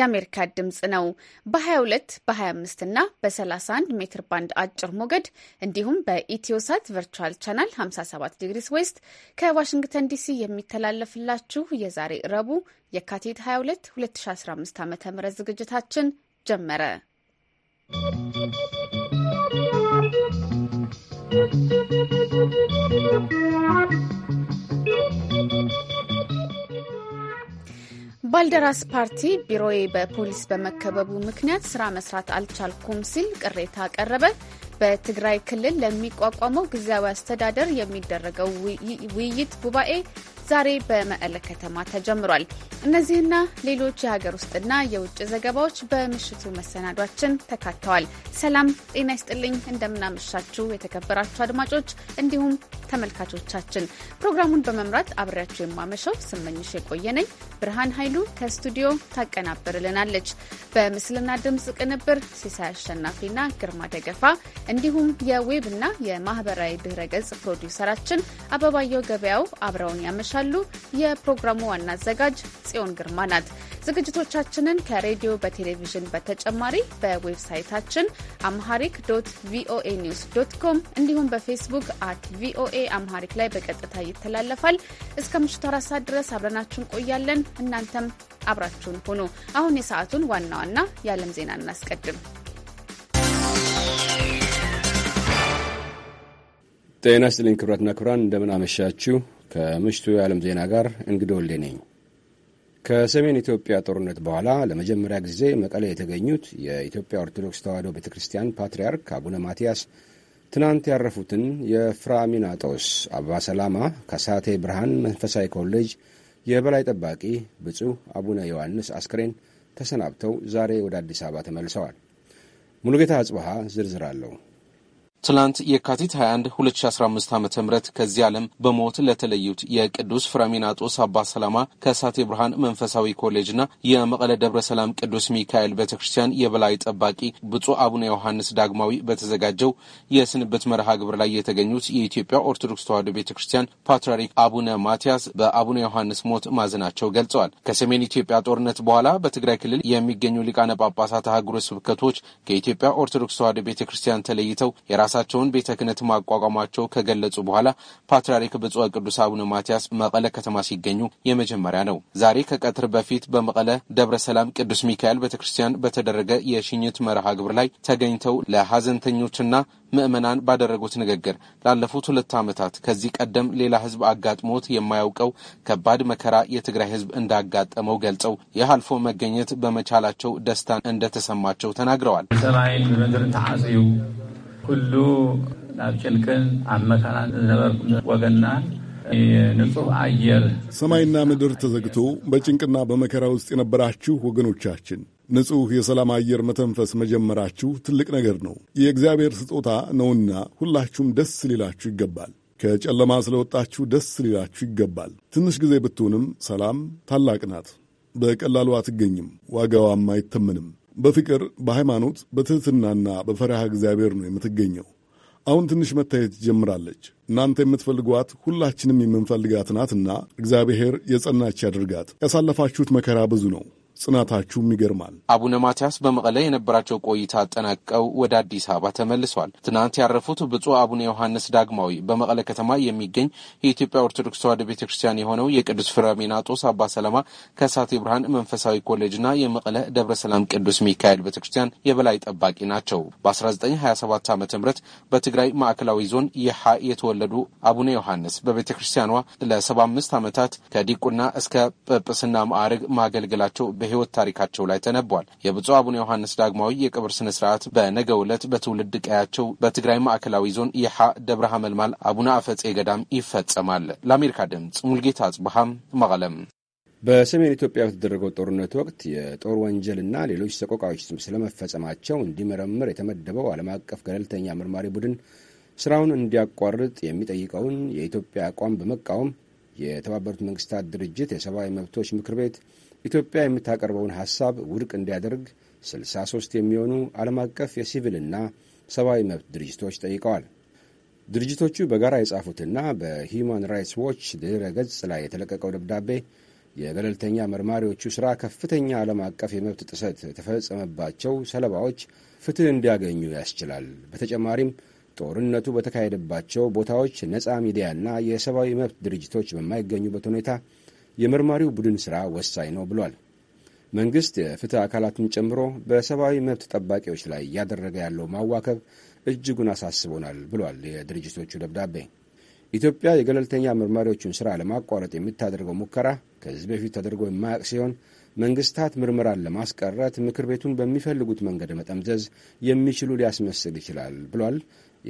የአሜሪካ ድምፅ ነው። በ22 በ25 እና በ31 ሜትር ባንድ አጭር ሞገድ እንዲሁም በኢትዮሳት ቨርቹዋል ቻናል 57 ዲግሪስ ዌስት ከዋሽንግተን ዲሲ የሚተላለፍላችሁ የዛሬ እረቡ የካቲት 22 2015 ዓ ም ዝግጅታችን ጀመረ። ¶¶ ባልደራስ ፓርቲ ቢሮዬ በፖሊስ በመከበቡ ምክንያት ስራ መስራት አልቻልኩም ሲል ቅሬታ አቀረበ። በትግራይ ክልል ለሚቋቋመው ጊዜያዊ አስተዳደር የሚደረገው ውይይት ጉባኤ ዛሬ በመቀለ ከተማ ተጀምሯል። እነዚህና ሌሎች የሀገር ውስጥና የውጭ ዘገባዎች በምሽቱ መሰናዷችን ተካተዋል። ሰላም ጤና ይስጥልኝ። እንደምናመሻችሁ የተከበራችሁ አድማጮች እንዲሁም ተመልካቾቻችን ፕሮግራሙን በመምራት አብሬያችሁ የማመሸው ስመኝሽ የቆየ ነኝ። ብርሃን ኃይሉ ከስቱዲዮ ታቀናብርልናለች። በምስልና ድምፅ ቅንብር ሲሳይ አሸናፊና ግርማ ደገፋ እንዲሁም የዌብና የማህበራዊ ድህረ ገጽ ፕሮዲውሰራችን አበባየው ገበያው አብረውን ያመሻል። አሉ። የፕሮግራሙ ዋና አዘጋጅ ጽዮን ግርማ ናት። ዝግጅቶቻችንን ከሬዲዮ በቴሌቪዥን በተጨማሪ በዌብሳይታችን አምሃሪክ ዶት ቪኦኤ ኒውስ ዶት ኮም እንዲሁም በፌስቡክ አት ቪኦኤ አምሃሪክ ላይ በቀጥታ ይተላለፋል። እስከ ምሽቱ አራት ሰዓት ድረስ አብረናችሁ እንቆያለን። እናንተም አብራችሁን ሁኑ። አሁን የሰዓቱን ዋና ዋና የዓለም ዜና እናስቀድም። ጤና ስጥልኝ ክብራትና ክብራን፣ እንደምን አመሻችሁ። ከምሽቱ የዓለም ዜና ጋር እንግዶ ወልዴ ነኝ። ከሰሜን ኢትዮጵያ ጦርነት በኋላ ለመጀመሪያ ጊዜ መቀሌ የተገኙት የኢትዮጵያ ኦርቶዶክስ ተዋሕዶ ቤተ ክርስቲያን ፓትርያርክ አቡነ ማትያስ ትናንት ያረፉትን የፍራሚናጦስ አባ ሰላማ ከሳቴ ብርሃን መንፈሳዊ ኮሌጅ የበላይ ጠባቂ ብፁዕ አቡነ ዮሐንስ አስክሬን ተሰናብተው ዛሬ ወደ አዲስ አበባ ተመልሰዋል። ሙሉጌታ አጽበሃ ዝርዝር አለው። ትላንት የካቲት 21 2015 ዓ ም ከዚህ ዓለም በሞት ለተለዩት የቅዱስ ፍራሚናጦስ አባ ሰላማ ከእሳቴ ብርሃን መንፈሳዊ ኮሌጅና የመቀለ ደብረ ሰላም ቅዱስ ሚካኤል ቤተ ክርስቲያን የበላይ ጠባቂ ብፁዕ አቡነ ዮሐንስ ዳግማዊ በተዘጋጀው የስንብት መርሃ ግብር ላይ የተገኙት የኢትዮጵያ ኦርቶዶክስ ተዋሕዶ ቤተ ክርስቲያን ፓትርያርክ አቡነ ማትያስ በአቡነ ዮሐንስ ሞት ማዘናቸው ገልጸዋል። ከሰሜን ኢትዮጵያ ጦርነት በኋላ በትግራይ ክልል የሚገኙ ሊቃነ ጳጳሳት አህጉረ ስብከቶች ከኢትዮጵያ ኦርቶዶክስ ተዋሕዶ ቤተ ክርስቲያን ተለይተው የራ የራሳቸውን ቤተ ክህነት ማቋቋማቸው ከገለጹ በኋላ ፓትርያርክ ብፁዕ ቅዱስ አቡነ ማትያስ መቀለ ከተማ ሲገኙ የመጀመሪያ ነው። ዛሬ ከቀትር በፊት በመቀለ ደብረ ሰላም ቅዱስ ሚካኤል ቤተ ክርስቲያን በተደረገ የሽኝት መርሃ ግብር ላይ ተገኝተው ለሀዘንተኞችና ምዕመናን ባደረጉት ንግግር ላለፉት ሁለት ዓመታት ከዚህ ቀደም ሌላ ህዝብ አጋጥሞት የማያውቀው ከባድ መከራ የትግራይ ህዝብ እንዳጋጠመው ገልጸው ይህ አልፎ መገኘት በመቻላቸው ደስታን እንደተሰማቸው ተናግረዋል። ተዓጽዩ ኩሉ ናብ ጭንቅን ኣብ መከራን ዝነበርኩም አየር ሰማይና ምድር ተዘግቶ በጭንቅና በመከራ ውስጥ የነበራችሁ ወገኖቻችን ንጹህ የሰላም አየር መተንፈስ መጀመራችሁ ትልቅ ነገር ነው። የእግዚአብሔር ስጦታ ነውና ሁላችሁም ደስ ሊላችሁ ይገባል። ከጨለማ ስለወጣችሁ ደስ ሊላችሁ ይገባል። ትንሽ ጊዜ ብትሆንም ሰላም ታላቅ ናት። በቀላሉ አትገኝም፣ ዋጋዋም አይተመንም። በፍቅር በሃይማኖት በትሕትናና በፈሪሃ እግዚአብሔር ነው የምትገኘው። አሁን ትንሽ መታየት ጀምራለች። እናንተ የምትፈልጓት ሁላችንም የምንፈልጋት ናትና እግዚአብሔር የጸናች ያድርጋት። ያሳለፋችሁት መከራ ብዙ ነው። ጽናታችሁም ይገርማል። አቡነ ማትያስ በመቀለ የነበራቸው ቆይታ አጠናቀው ወደ አዲስ አበባ ተመልሷል። ትናንት ያረፉት ብፁዕ አቡነ ዮሐንስ ዳግማዊ በመቀለ ከተማ የሚገኝ የኢትዮጵያ ኦርቶዶክስ ተዋሕዶ ቤተ ክርስቲያን የሆነው የቅዱስ ፍራሜናጦስ አባ ሰለማ ከሳቴ ብርሃን መንፈሳዊ ኮሌጅና የመቀለ ደብረ ሰላም ቅዱስ ሚካኤል ቤተ ክርስቲያን የበላይ ጠባቂ ናቸው። በ1927 ዓ ም በትግራይ ማዕከላዊ ዞን ይሓ የተወለዱ አቡነ ዮሐንስ በቤተ ክርስቲያኗ ለ75 ዓመታት ከዲቁና እስከ ጵጵስና ማዕረግ ማገልገላቸው የህይወት ታሪካቸው ላይ ተነቧል። የብፁዕ አቡነ ዮሐንስ ዳግማዊ የቅብር ስነ ስርዓት በነገ ዕለት በትውልድ ቀያቸው በትግራይ ማዕከላዊ ዞን የሓ ደብረ ሀመልማል አቡነ አፈፄ ገዳም ይፈጸማል። ለአሜሪካ ድምፅ ሙልጌታ አጽብሃም መቀለም። በሰሜን ኢትዮጵያ በተደረገው ጦርነት ወቅት የጦር ወንጀልና ሌሎች ሰቆቃዎች ስለመፈጸማቸው እንዲመረምር የተመደበው ዓለም አቀፍ ገለልተኛ መርማሪ ቡድን ስራውን እንዲያቋርጥ የሚጠይቀውን የኢትዮጵያ አቋም በመቃወም የተባበሩት መንግስታት ድርጅት የሰብአዊ መብቶች ምክር ቤት ኢትዮጵያ የምታቀርበውን ሐሳብ ውድቅ እንዲያደርግ 63 የሚሆኑ ዓለም አቀፍ የሲቪልና ሰብአዊ መብት ድርጅቶች ጠይቀዋል። ድርጅቶቹ በጋራ የጻፉትና በሂዩማን ራይትስ ዎች ድረ ገጽ ላይ የተለቀቀው ደብዳቤ የገለልተኛ መርማሪዎቹ ሥራ ከፍተኛ ዓለም አቀፍ የመብት ጥሰት የተፈጸመባቸው ሰለባዎች ፍትሕ እንዲያገኙ ያስችላል። በተጨማሪም ጦርነቱ በተካሄደባቸው ቦታዎች ነፃ ሚዲያና የሰብአዊ መብት ድርጅቶች በማይገኙበት ሁኔታ የመርማሪው ቡድን ሥራ ወሳኝ ነው ብሏል። መንግሥት የፍትህ አካላትን ጨምሮ በሰብአዊ መብት ጠባቂዎች ላይ እያደረገ ያለው ማዋከብ እጅጉን አሳስቦናል ብሏል የድርጅቶቹ ደብዳቤ። ኢትዮጵያ የገለልተኛ መርማሪዎቹን ሥራ ለማቋረጥ የምታደርገው ሙከራ ከዚህ በፊት ተደርጎ የማያውቅ ሲሆን መንግስታት ምርመራን ለማስቀረት ምክር ቤቱን በሚፈልጉት መንገድ መጠምዘዝ የሚችሉ ሊያስመስል ይችላል ብሏል።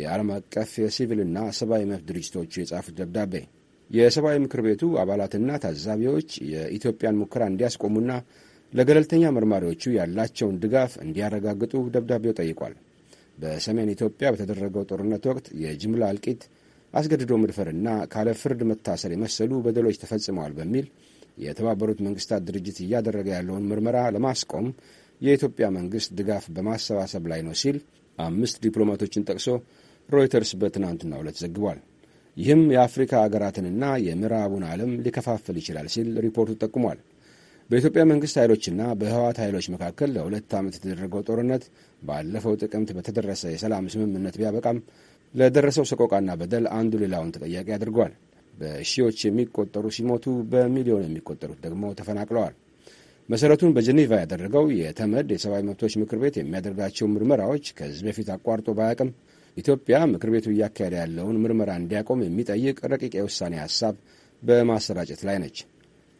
የዓለም አቀፍ የሲቪልና ሰብአዊ መብት ድርጅቶቹ የጻፉት ደብዳቤ የሰብአዊ ምክር ቤቱ አባላትና ታዛቢዎች የኢትዮጵያን ሙከራ እንዲያስቆሙና ለገለልተኛ መርማሪዎቹ ያላቸውን ድጋፍ እንዲያረጋግጡ ደብዳቤው ጠይቋል። በሰሜን ኢትዮጵያ በተደረገው ጦርነት ወቅት የጅምላ እልቂት፣ አስገድዶ መድፈርና ካለ ፍርድ መታሰር የመሰሉ በደሎች ተፈጽመዋል በሚል የተባበሩት መንግስታት ድርጅት እያደረገ ያለውን ምርመራ ለማስቆም የኢትዮጵያ መንግስት ድጋፍ በማሰባሰብ ላይ ነው ሲል አምስት ዲፕሎማቶችን ጠቅሶ ሮይተርስ በትናንትናው ዕለት ዘግቧል። ይህም የአፍሪካ አገራትንና የምዕራቡን ዓለም ሊከፋፍል ይችላል ሲል ሪፖርቱ ጠቁሟል። በኢትዮጵያ መንግስት ኃይሎችና በህወሓት ኃይሎች መካከል ለሁለት ዓመት የተደረገው ጦርነት ባለፈው ጥቅምት በተደረሰ የሰላም ስምምነት ቢያበቃም ለደረሰው ሰቆቃና በደል አንዱ ሌላውን ተጠያቂ አድርጓል። በሺዎች የሚቆጠሩ ሲሞቱ፣ በሚሊዮን የሚቆጠሩት ደግሞ ተፈናቅለዋል። መሠረቱን በጀኔቫ ያደረገው የተመድ የሰብአዊ መብቶች ምክር ቤት የሚያደርጋቸው ምርመራዎች ከዚህ በፊት አቋርጦ ባያቅም ኢትዮጵያ ምክር ቤቱ እያካሄደ ያለውን ምርመራ እንዲያቆም የሚጠይቅ ረቂቅ የውሳኔ ሀሳብ በማሰራጨት ላይ ነች።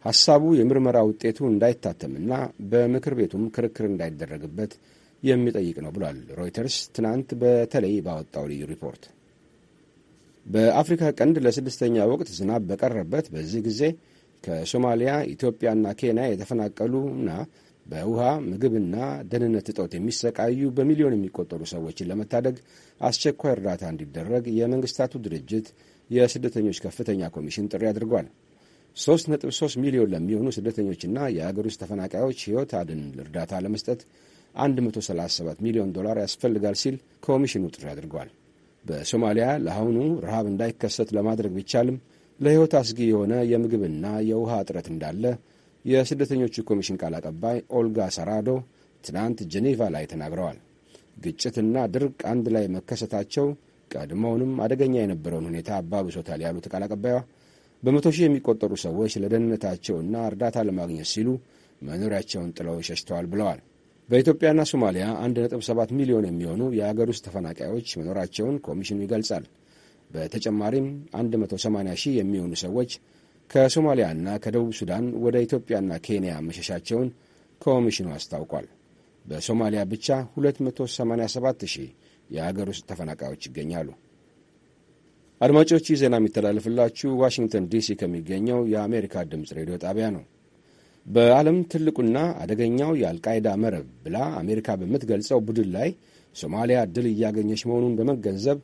ሀሳቡ የምርመራ ውጤቱ እንዳይታተምና በምክር ቤቱም ክርክር እንዳይደረግበት የሚጠይቅ ነው ብሏል ሮይተርስ ትናንት በተለይ ባወጣው ልዩ ሪፖርት። በአፍሪካ ቀንድ ለስድስተኛ ወቅት ዝናብ በቀረበት በዚህ ጊዜ ከሶማሊያ ኢትዮጵያና ኬንያ የተፈናቀሉና በውሃ ምግብና ደህንነት እጦት የሚሰቃዩ በሚሊዮን የሚቆጠሩ ሰዎችን ለመታደግ አስቸኳይ እርዳታ እንዲደረግ የመንግስታቱ ድርጅት የስደተኞች ከፍተኛ ኮሚሽን ጥሪ አድርጓል። 3.3 ሚሊዮን ለሚሆኑ ስደተኞችና የአገር ውስጥ ተፈናቃዮች ሕይወት አድን እርዳታ ለመስጠት 137 ሚሊዮን ዶላር ያስፈልጋል ሲል ኮሚሽኑ ጥሪ አድርጓል። በሶማሊያ ለአሁኑ ረሃብ እንዳይከሰት ለማድረግ ቢቻልም ለሕይወት አስጊ የሆነ የምግብና የውሃ እጥረት እንዳለ የስደተኞቹ ኮሚሽን ቃል አቀባይ ኦልጋ ሰራዶ ትናንት ጄኔቫ ላይ ተናግረዋል። ግጭትና ድርቅ አንድ ላይ መከሰታቸው ቀድሞውንም አደገኛ የነበረውን ሁኔታ አባብሶታል ያሉት ቃል አቀባይዋ በመቶ ሺህ የሚቆጠሩ ሰዎች ለደህንነታቸውና እርዳታ ለማግኘት ሲሉ መኖሪያቸውን ጥለው ሸሽተዋል ብለዋል። በኢትዮጵያና ሶማሊያ 1.7 ሚሊዮን የሚሆኑ የአገር ውስጥ ተፈናቃዮች መኖራቸውን ኮሚሽኑ ይገልጻል። በተጨማሪም 180 ሺህ የሚሆኑ ሰዎች ከሶማሊያና ከደቡብ ሱዳን ወደ ኢትዮጵያና ኬንያ መሸሻቸውን ኮሚሽኑ አስታውቋል። በሶማሊያ ብቻ 287 ሺህ የአገር ውስጥ ተፈናቃዮች ይገኛሉ። አድማጮች ይህ ዜና የሚተላለፍላችሁ ዋሽንግተን ዲሲ ከሚገኘው የአሜሪካ ድምፅ ሬዲዮ ጣቢያ ነው። በዓለም ትልቁና አደገኛው የአልቃይዳ መረብ ብላ አሜሪካ በምትገልጸው ቡድን ላይ ሶማሊያ ድል እያገኘች መሆኑን በመገንዘብ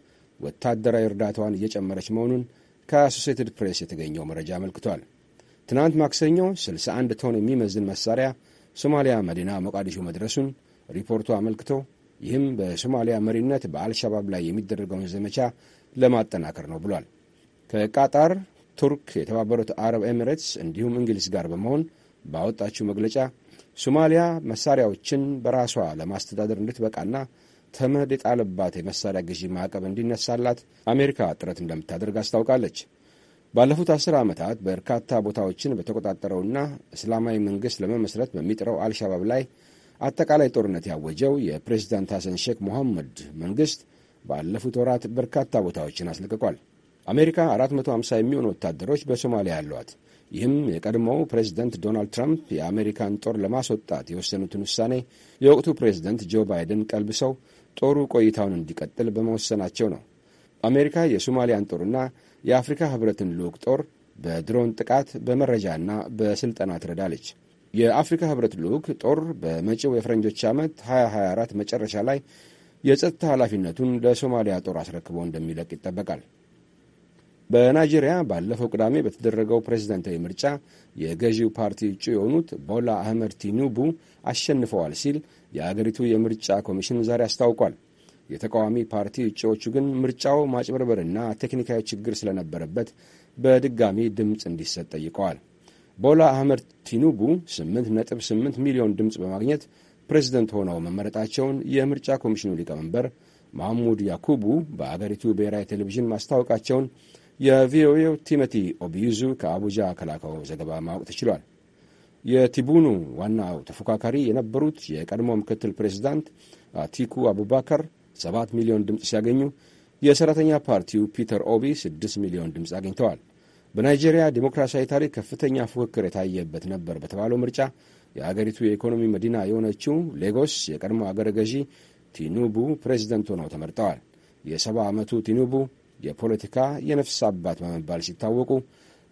ወታደራዊ እርዳታዋን እየጨመረች መሆኑን ከአሶሴትድ ፕሬስ የተገኘው መረጃ አመልክቷል። ትናንት ማክሰኞ 61 ቶን የሚመዝን መሳሪያ ሶማሊያ መዲና ሞቃዲሾ መድረሱን ሪፖርቱ አመልክቶ ይህም በሶማሊያ መሪነት በአልሻባብ ላይ የሚደረገውን ዘመቻ ለማጠናከር ነው ብሏል። ከቃጣር፣ ቱርክ፣ የተባበሩት አረብ ኤሚሬትስ እንዲሁም እንግሊዝ ጋር በመሆን ባወጣችው መግለጫ ሶማሊያ መሳሪያዎችን በራሷ ለማስተዳደር እንድትበቃና ተመድ የጣለባት የመሳሪያ ግዢ ማዕቀብ እንዲነሳላት አሜሪካ ጥረት እንደምታደርግ አስታውቃለች። ባለፉት አስር ዓመታት በርካታ ቦታዎችን በተቆጣጠረውና እስላማዊ መንግሥት ለመመስረት በሚጥረው አልሻባብ ላይ አጠቃላይ ጦርነት ያወጀው የፕሬዚዳንት ሐሰን ሼክ ሞሐመድ መንግሥት ባለፉት ወራት በርካታ ቦታዎችን አስለቅቋል። አሜሪካ 450 የሚሆኑ ወታደሮች በሶማሊያ ያሏት፣ ይህም የቀድሞው ፕሬዚደንት ዶናልድ ትራምፕ የአሜሪካን ጦር ለማስወጣት የወሰኑትን ውሳኔ የወቅቱ ፕሬዚደንት ጆ ባይደን ቀልብሰው ጦሩ ቆይታውን እንዲቀጥል በመወሰናቸው ነው። አሜሪካ የሶማሊያን ጦርና የአፍሪካ ህብረትን ልዑክ ጦር በድሮን ጥቃት በመረጃና በስልጠና ትረዳለች። የአፍሪካ ህብረት ልዑክ ጦር በመጪው የፈረንጆች ዓመት 2024 መጨረሻ ላይ የጸጥታ ኃላፊነቱን ለሶማሊያ ጦር አስረክቦ እንደሚለቅ ይጠበቃል። በናይጄሪያ ባለፈው ቅዳሜ በተደረገው ፕሬዝዳንታዊ ምርጫ የገዢው ፓርቲ እጩ የሆኑት ቦላ አህመድ ቲኑቡ አሸንፈዋል ሲል የአገሪቱ የምርጫ ኮሚሽን ዛሬ አስታውቋል። የተቃዋሚ ፓርቲ እጩዎቹ ግን ምርጫው ማጭበርበርና ቴክኒካዊ ችግር ስለነበረበት በድጋሚ ድምፅ እንዲሰጥ ጠይቀዋል። ቦላ አህመድ ቲኑቡ 8.8 ሚሊዮን ድምፅ በማግኘት ፕሬዝደንት ሆነው መመረጣቸውን የምርጫ ኮሚሽኑ ሊቀመንበር ማህሙድ ያኩቡ በአገሪቱ ብሔራዊ ቴሌቪዥን ማስታወቃቸውን የቪኦኤው ቲሞቲ ኦቢዩዙ ከአቡጃ ከላከው ዘገባ ማወቅ ተችሏል። የቲቡኑ ዋናው ተፎካካሪ የነበሩት የቀድሞ ምክትል ፕሬዚዳንት አቲኩ አቡባከር 7 ሚሊዮን ድምፅ ሲያገኙ የሰራተኛ ፓርቲው ፒተር ኦቢ 6 ሚሊዮን ድምፅ አግኝተዋል። በናይጄሪያ ዴሞክራሲያዊ ታሪክ ከፍተኛ ፉክክር የታየበት ነበር በተባለው ምርጫ የአገሪቱ የኢኮኖሚ መዲና የሆነችው ሌጎስ የቀድሞ አገረ ገዢ ቲኑቡ ፕሬዚደንት ሆነው ተመርጠዋል። የሰባ ዓመቱ ቲኑቡ የፖለቲካ የነፍስ አባት በመባል ሲታወቁ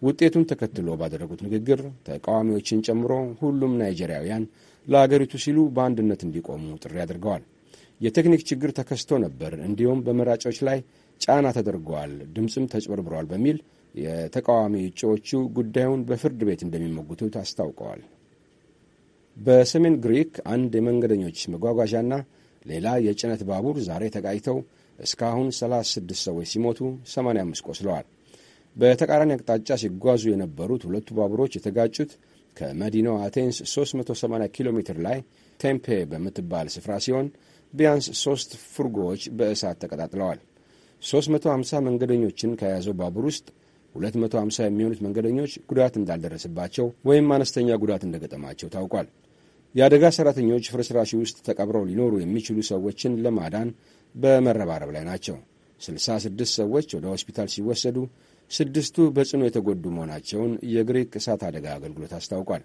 ውጤቱን ተከትሎ ባደረጉት ንግግር ተቃዋሚዎችን ጨምሮ ሁሉም ናይጄሪያውያን ለአገሪቱ ሲሉ በአንድነት እንዲቆሙ ጥሪ አድርገዋል። የቴክኒክ ችግር ተከስቶ ነበር፣ እንዲሁም በመራጮች ላይ ጫና ተደርገዋል፣ ድምፅም ተጭበርብሯል በሚል የተቃዋሚ እጩዎቹ ጉዳዩን በፍርድ ቤት እንደሚሞግቱት አስታውቀዋል። በሰሜን ግሪክ አንድ የመንገደኞች መጓጓዣና ሌላ የጭነት ባቡር ዛሬ ተጋጭተው እስካሁን 36 ሰዎች ሲሞቱ 85 ቆስለዋል። በተቃራኒ አቅጣጫ ሲጓዙ የነበሩት ሁለቱ ባቡሮች የተጋጩት ከመዲናው አቴንስ 380 ኪሎ ሜትር ላይ ቴምፔ በምትባል ስፍራ ሲሆን ቢያንስ ሦስት ፉርጎዎች በእሳት ተቀጣጥለዋል። 350 መንገደኞችን ከያዘው ባቡር ውስጥ 250 የሚሆኑት መንገደኞች ጉዳት እንዳልደረስባቸው ወይም አነስተኛ ጉዳት እንደገጠማቸው ታውቋል። የአደጋ ሠራተኞች ፍርስራሽ ውስጥ ተቀብረው ሊኖሩ የሚችሉ ሰዎችን ለማዳን በመረባረብ ላይ ናቸው። 66 ሰዎች ወደ ሆስፒታል ሲወሰዱ ስድስቱ በጽኑ የተጎዱ መሆናቸውን የግሪክ እሳት አደጋ አገልግሎት አስታውቋል።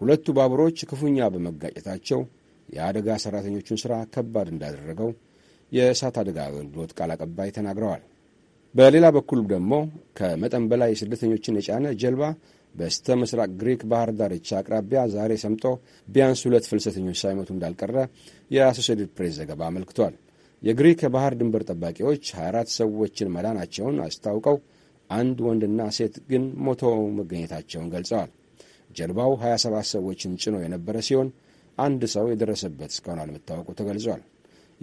ሁለቱ ባቡሮች ክፉኛ በመጋጨታቸው የአደጋ ሠራተኞቹን ሥራ ከባድ እንዳደረገው የእሳት አደጋ አገልግሎት ቃል አቀባይ ተናግረዋል። በሌላ በኩል ደግሞ ከመጠን በላይ ስደተኞችን የጫነ ጀልባ በስተ ምስራቅ ግሪክ ባህር ዳርቻ አቅራቢያ ዛሬ ሰምጦ ቢያንስ ሁለት ፍልሰተኞች ሳይሞቱ እንዳልቀረ የአሶሴትድ ፕሬስ ዘገባ አመልክቷል። የግሪክ የባህር ድንበር ጠባቂዎች 24 ሰዎችን መዳናቸውን አስታውቀው አንድ ወንድና ሴት ግን ሞተው መገኘታቸውን ገልጸዋል። ጀልባው 27 ሰዎችን ጭኖ የነበረ ሲሆን አንድ ሰው የደረሰበት እስካሁን አለመታወቁ ተገልጿል።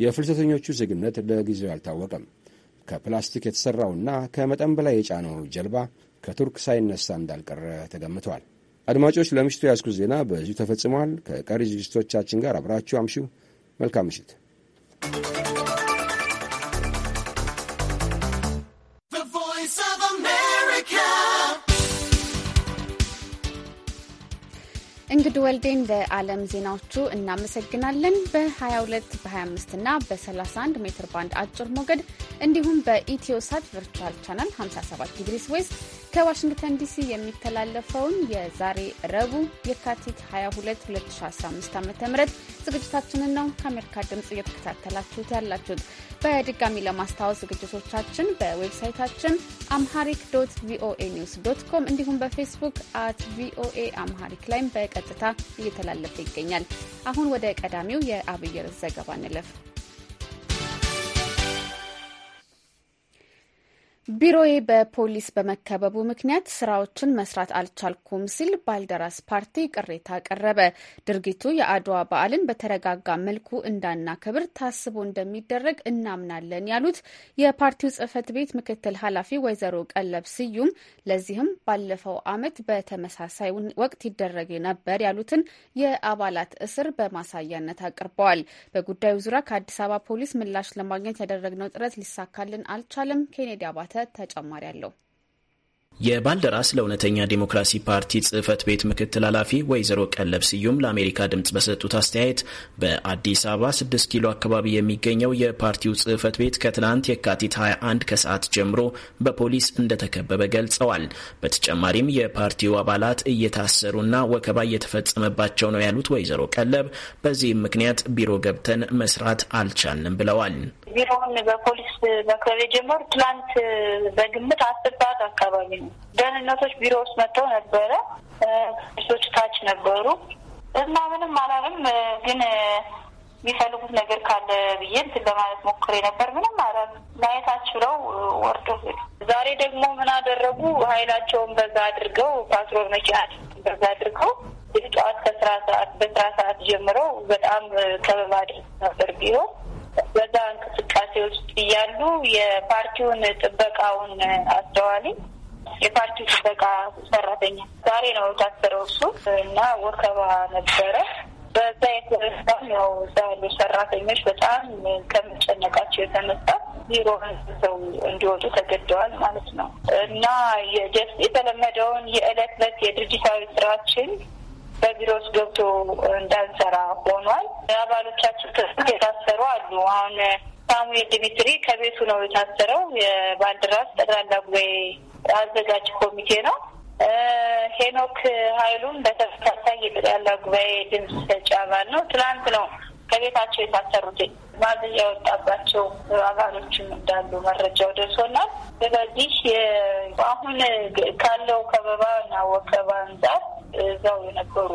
የፍልሰተኞቹ ዜግነት ለጊዜው አልታወቀም። ከፕላስቲክ የተሠራውና ከመጠን በላይ የጫነው ጀልባ ከቱርክ ሳይነሳ እንዳልቀረ ተገምቷል። አድማጮች፣ ለምሽቱ ያዝኩት ዜና በዚሁ ተፈጽሟል። ከቀሪ ዝግጅቶቻችን ጋር አብራችሁ አምሹ። መልካም ምሽት። እንግዲህ ወልዴን ለዓለም ዜናዎቹ እናመሰግናለን። በ22 በ25 እና በ31 ሜትር ባንድ አጭር ሞገድ እንዲሁም በኢትዮሳት ቨርቹዋል ቻናል 57 ዲግሪስ ዌስት ከዋሽንግተን ዲሲ የሚተላለፈውን የዛሬ ረቡዕ የካቲት 22 2015 ዓ ም ዝግጅታችንን ነው ከአሜሪካ ድምፅ እየተከታተላችሁት ያላችሁት። በድጋሚ ለማስታወስ ዝግጅቶቻችን በዌብሳይታችን አምሃሪክ ዶት ቪኦኤ ኒውስ ዶት ኮም እንዲሁም በፌስቡክ አት ቪኦኤ አምሃሪክ ላይም በቀጥታ እየተላለፈ ይገኛል። አሁን ወደ ቀዳሚው የአብየር ዘገባ እንለፍ። ቢሮዬ በፖሊስ በመከበቡ ምክንያት ስራዎችን መስራት አልቻልኩም ሲል ባልደራስ ፓርቲ ቅሬታ ቀረበ። ድርጊቱ የአድዋ በዓልን በተረጋጋ መልኩ እንዳናከብር ታስቦ እንደሚደረግ እናምናለን ያሉት የፓርቲው ጽህፈት ቤት ምክትል ኃላፊ ወይዘሮ ቀለብ ስዩም ለዚህም ባለፈው ዓመት በተመሳሳይ ወቅት ይደረግ ነበር ያሉትን የአባላት እስር በማሳያነት አቅርበዋል። በጉዳዩ ዙሪያ ከአዲስ አበባ ፖሊስ ምላሽ ለማግኘት ያደረግነው ጥረት ሊሳካልን አልቻለም። ኬኔዲ አባት ተጨማሪ አለው። የባልደራስ ለእውነተኛ ዴሞክራሲ ፓርቲ ጽህፈት ቤት ምክትል ኃላፊ ወይዘሮ ቀለብ ስዩም ለአሜሪካ ድምፅ በሰጡት አስተያየት በአዲስ አበባ 6 ኪሎ አካባቢ የሚገኘው የፓርቲው ጽህፈት ቤት ከትናንት የካቲት 21 ከሰዓት ጀምሮ በፖሊስ እንደተከበበ ገልጸዋል። በተጨማሪም የፓርቲው አባላት እየታሰሩና ወከባ እየተፈጸመባቸው ነው ያሉት ወይዘሮ ቀለብ በዚህም ምክንያት ቢሮ ገብተን መስራት አልቻልንም ብለዋል። ቢሮውን በፖሊስ መክበብ የጀመሩ ትላንት በግምት አስር ሰዓት አካባቢ ነው ደህንነቶች ቢሮ ውስጥ መጥተው ነበረ። ሶች ታች ነበሩ እና ምንም አላልም ግን የሚፈልጉት ነገር ካለ ብዬ እንትን ለማለት ሞክሬ ነበር። ምንም አላለም። ማየታች ብለው ወርዶ ዛሬ ደግሞ ምን አደረጉ? ኃይላቸውን በዛ አድርገው ፓትሮል መኪና በዛ አድርገው ጠዋት ከስራ ሰዓት በስራ ሰዓት ጀምረው በጣም ከበባ አድርገው ነበር ቢሮ በዛ እንቅስቃሴ ውስጥ እያሉ የፓርቲውን ጥበቃውን አስተዋልኝ የፓርቲው ጥበቃ ሰራተኛ ዛሬ ነው የታሰረው እሱ እና ወከባ ነበረ። በዛ የተነሳም ያው እዛ ያሉ ሰራተኞች በጣም ከመጨነቃቸው የተነሳ ቢሮ ሰው እንዲወጡ ተገደዋል ማለት ነው እና የተለመደውን የእለት ዕለት የድርጅታዊ ስራችን በቢሮ ውስጥ ገብቶ እንዳንሰራ ሆኗል። አባሎቻችን የታሰሩ አሉ። አሁን ሳሙኤል ዲሚትሪ ከቤቱ ነው የታሰረው። የባልደራስ ጠቅላላ ጉባኤ አዘጋጅ ኮሚቴ ነው። ሄኖክ ኃይሉም በተከታታይ የጠቅላላ ጉባኤ ድምፅ ሰጪ አባል ነው። ትናንት ነው ከቤታቸው የታሰሩት ማዘዣ የወጣባቸው አባሎችም እንዳሉ መረጃው ደርሶናል። ስለዚህ አሁን ካለው ከበባ እና ወከባ አንጻር እዛው የነበሩ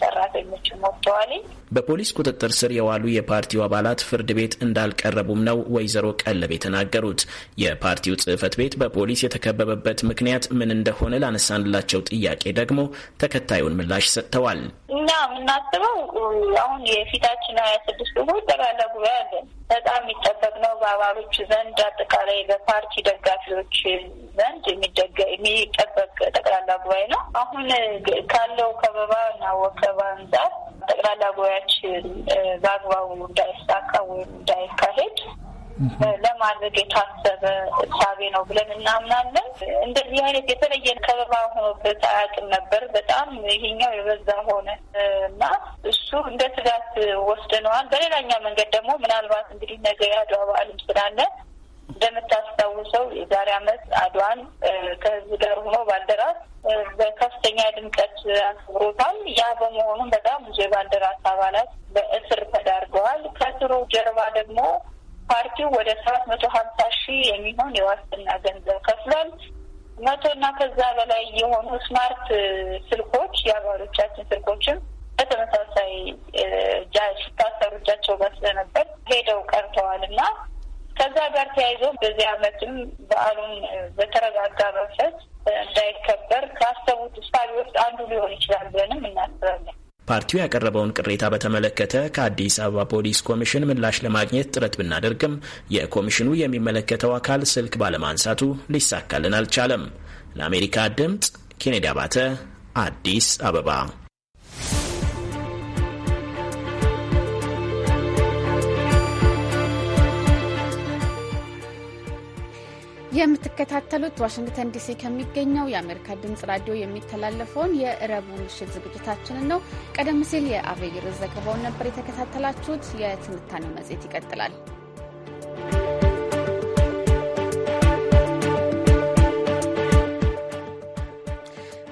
ሰራተኞችም ወጥተዋል። በፖሊስ ቁጥጥር ስር የዋሉ የፓርቲው አባላት ፍርድ ቤት እንዳልቀረቡም ነው ወይዘሮ ቀለብ የተናገሩት። የፓርቲው ጽህፈት ቤት በፖሊስ የተከበበበት ምክንያት ምን እንደሆነ ላነሳንላቸው ጥያቄ ደግሞ ተከታዩን ምላሽ ሰጥተዋል። እኛ የምናስበው አሁን የፊታችን ሀያ ስድስት ጠቅላላ ጉባኤ በጣም የሚጠበቅ ነው በአባሎች ዘንድ አጠቃላይ በፓርቲ ደጋፊዎች ዘንድ የሚጠበቅ ጠቅላላ ጉባኤ ነው። አሁን ካለው ከበባ እና ወከባ አንጻር ጠቅላላ ጉባኤያችን በአግባቡ እንዳይሳካ ወይም እንዳይካሄድ ለማድረግ የታሰበ እሳቤ ነው ብለን እናምናለን። እንደዚህ አይነት የተለየ ከበባ ሆኖበት አያውቅም ነበር። በጣም ይሄኛው የበዛ ሆነ እና እሱ እንደ ስጋት ወስደነዋል። በሌላኛው መንገድ ደግሞ ምናልባት እንግዲህ ነገ የአድዋ በዓልም ስላለ እንደምታስታውሰው የዛሬ ዓመት አድዋን ከህዝብ ጋር ሆኖ ባልደራስ በከፍተኛ ድምቀት አክብሮታል። ያ በመሆኑም በጣም ብዙ የባልደራስ አባላት በእስር ተዳርገዋል። ከስሩ ጀርባ ደግሞ ፓርቲው ወደ ሰባት መቶ ሀምሳ ሺህ የሚሆን የዋስትና ገንዘብ ከፍሏል። መቶ እና ከዛ በላይ የሆኑ ስማርት ስልኮች የአባሎቻችን ስልኮችም በተመሳሳይ ሲታሰሩ እጃቸው ጋር ስለነበር ሄደው ቀርተዋል እና ከዛ ጋር ተያይዞ በዚህ ዓመትም በዓሉን በተረጋጋ መንፈስ እንዳይከበር ካሰቡት እሳቤ ውስጥ አንዱ ሊሆን ይችላል ብለንም እናስባለን። ፓርቲው ያቀረበውን ቅሬታ በተመለከተ ከአዲስ አበባ ፖሊስ ኮሚሽን ምላሽ ለማግኘት ጥረት ብናደርግም የኮሚሽኑ የሚመለከተው አካል ስልክ ባለማንሳቱ ሊሳካልን አልቻለም። ለአሜሪካ ድምፅ ኬኔዲ አባተ አዲስ አበባ የምትከታተሉት ዋሽንግተን ዲሲ ከሚገኘው የአሜሪካ ድምጽ ራዲዮ የሚተላለፈውን የእረቡ ምሽት ዝግጅታችንን ነው። ቀደም ሲል የአብይ ዘገባውን ነበር የተከታተላችሁት። የትንታኔው መጽሔት ይቀጥላል።